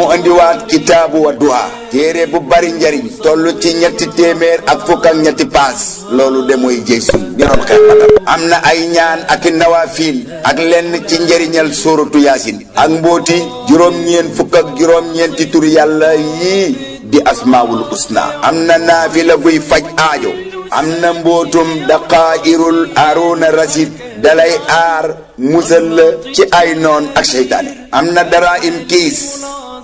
andi wat kitabu wa du'a tere bu bari njariñ tollu ci ñetti témèr ak fuk ak ñetti pass lolu de moy jesu sun ñu doon xeex ay ñaan ak nawafil ak lenn ci njariñal suratu yasin ak mboti juroom ñeen fuk ak juroom ñeenti tur yalla yi di asmaul usna Amna nafila naafila buy faj aajo amna mbotum daqairul daqaa'irul rasid dalay ar musal ci ay non ak seytaane amna dara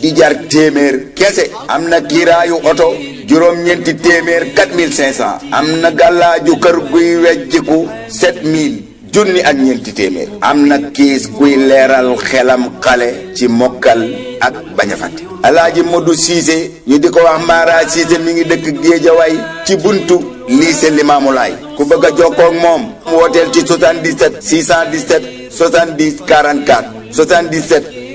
di jar téeméer kese am na kiiraayu oto juróom-ñeenti téeméer 4500 am na gàllaaju kër guy wecciku 7000 junni ak ñeenti téeméer am na kiis guy leeral xelam xale ci mokal ak bañ a fàtte alaaji Modou Cissé ñu di ko wax Mara Cissé mi ngi dëkk Géejawaay ci buntu lycée Limaamulaay ku bëgg a jokkoo ak moom wooteel ci 77 617 70 44 77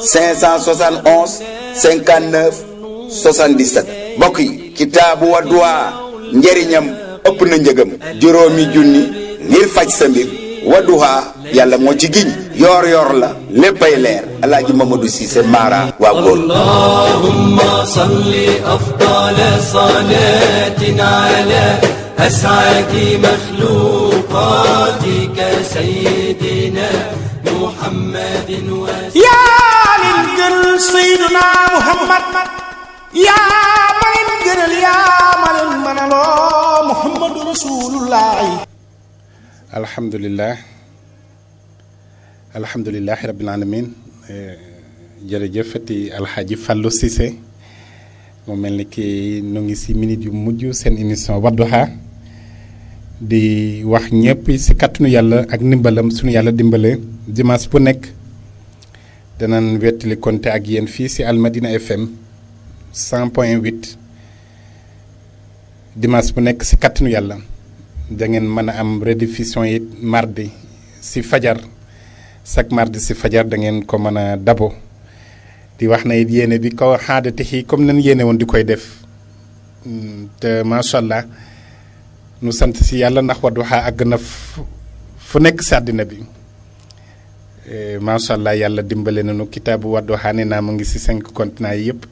571 59 77 mbokk yi kitaabu Wadduha njëriñam ëpp na njëgam juróomi junni ngir faj sa mbir Wadduha yàlla moo ci giñ yoor yoor la léppay leer alaaji Mamadou Cissé Mara waa góor allahumma salli afdala salatin ala أسعد مخلوقاتك سيدنا محمد sayyiduna muhammad ya ma gënal ya ma manalo mënaloo rasulullah alhamdulillah alhamdulillah rabbil alamin jere alxaaji alhaji sise mu mo melni ki no ngi ci minute yu mujju sen émission wadduha di wax ñepp ci katnu yalla ak nimbalam suñu yalla dimbalé dimanche bu nek danan wettali konte ak yéen fii si Almadina FM 100.8 point 8 dimanche bu nekk si kattanu yàlla da ngeen mën a am rediffusion yi mardi si fajar sak mardi si fajar da ngeen ko mën a dabo di wax na it yéene ko xaadati xii comme nan yéene woon di koy def te macha allah nu sant si yàlla ndax Wadduha àgg na fu nekk si àddina bi. Eh, macha allah yàlla dimbale nañu kitaabu Wadduha nee naa mu ngi si cinq continents yi yëpp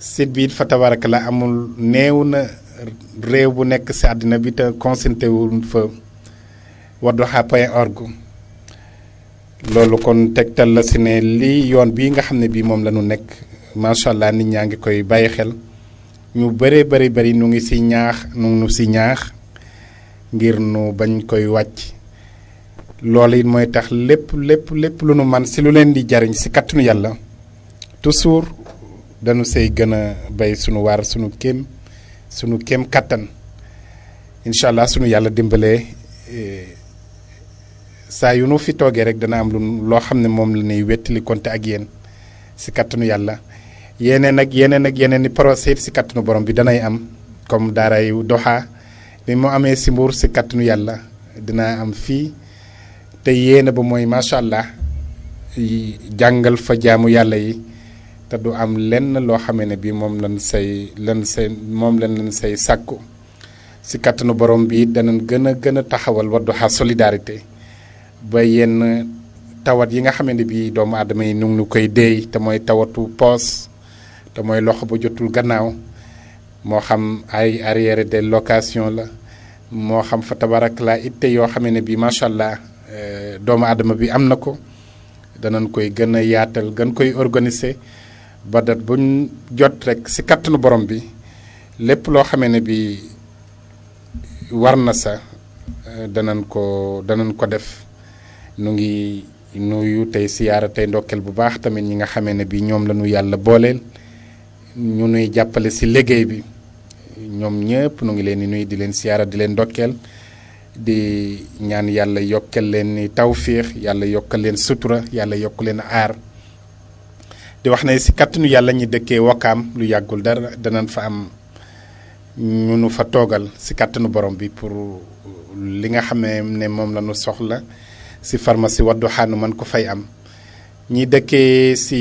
site fa tabaraka la amul néew na réew bu nekk si àddina bi te concentré wul fa Wadduha point org loolu kon tegtal la si ne lii yoon bii nga xam ne bii moom la nekk macha allah nit ñaa ngi koy bàyyi xel ñu bëree bëri bëri nu ngi si ñaax nu ngi si ñaax ngir nu bañ koy wàcc. loolu it mooy tax lépp lépp lépp lu nu man si lu leen di jariñ si kattanu yàlla toujours dañu say gën a bay sunu waar sunu kem sunu kéem kàttan incha allah sunu yàlla dimbalee eh, saa yu nu fi toogee rek dana am lu loo xam ne moom la ñuy wettali konte ak yéen si kattanu yàlla yeneen ak yeneen ak yeneen i procès si kattanu borom bi danay am comme daara yu doxaa ni mu amee si mbuur si kattanu yàlla dinaa am fii te yéene ba mooy macha allah jàngal fa jaamu yàlla yi te du am lenn loo xamee ne bii moom lan say lan say moom lan lan say sàkku si kàttanu borom bi danañ gën a gën a taxawal Wadduha solidarité ba yenn tawat yi nga xam ne bii doomu aadama yi nu ngi koy deey te mooy tawatu poos te mooy loxo ba jotul gannaaw moo xam ay arriérés de location la moo xam fa tabarak la itte yoo xam ne bii macha allah. Eh, doomu aadama bi am na ko danañ koy gën a yaatal gën koy organiser ba bu buñ jot rek si kattanu borom bi lépp loo xame ne bi war na sa eh, danañ ko danañ ko def nu ngi nuyu tey siyaara tey ndokkeel bu baax tamit ñi nga xamee ne bi ñoom la ñu yàlla booleel ñu nuy jàppale si liggéey bi ñoom ñëpp nu ngi leen di nuyu di leen siyaara di leen ndokkeel di ñaan yàlla yokkal leen ni tawféex yàlla yokkal leen sutura yàlla yokk leen aar di wax ne si kàttanu yàlla ñi dëkkee Wakaam lu yàggul dara danañ fa am ñu nu fa toogal si kàttanu borom bi pour li nga xam ne moom la ñu soxla si pharmacie Wadduha nu man ko fay am ñi dëkkee si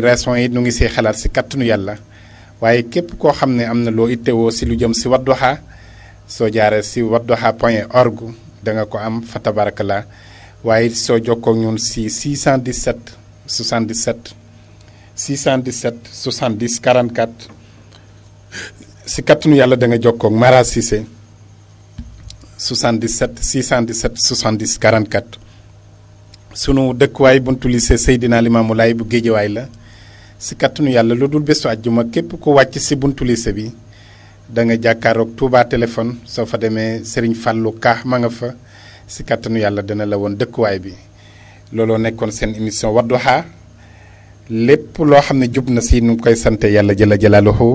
régions yi nu ngi see xalaat si kàttanu yàlla waaye képp koo xam ne am na loo ittewoo si lu jëm si Wadduha soo jaaree si wadduha point org da nga ko am fa waaye soo jokkoo ñun si 617 77 617 70 44 si kattanu yàlla da nga jokkoo ak Mara Cissé 77 617 70 sunu dëkkuwaay buntu lycée Seydina Limamou Laye bu Géejawaay la si kattanu yàlla lu dul bésu àjjuma képp ku wàcc si buntu lycée bi. da nga jàkkaaroog Touba téléphone soo fa demee Serigne Fallou Ka ma nga fa si kattanu yàlla dana la woon dëkkuwaay bi looloo nekkoon seen émission Wadduha lépp loo xam ne jub na si nu koy sante yàlla jëla jëlaaluhu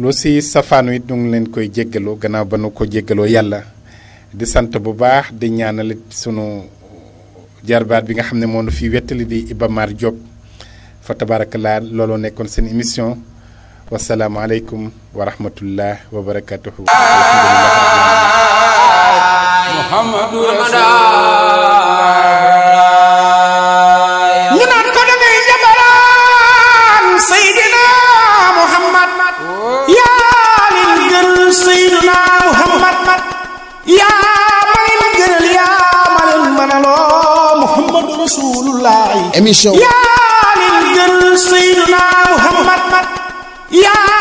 lu si safaanu it nu leen koy jéggaloo gannaaw ba nu ko jéggaloo yàlla di sant bu baax di ñaanal sunu jarbaat bi nga xam ne moo nu fi wettali di Iba Mar foto fa tabaarakalaa looloo nekkoon seen émission والسلام عليكم ورحمة الله وبركاته محمد رسول الله نمان قدم الجبران سيدنا محمد يا للجل سيدنا محمد يا من الجل يا من المنلو محمد رسول الله يا للجل سيدنا محمد Yeah.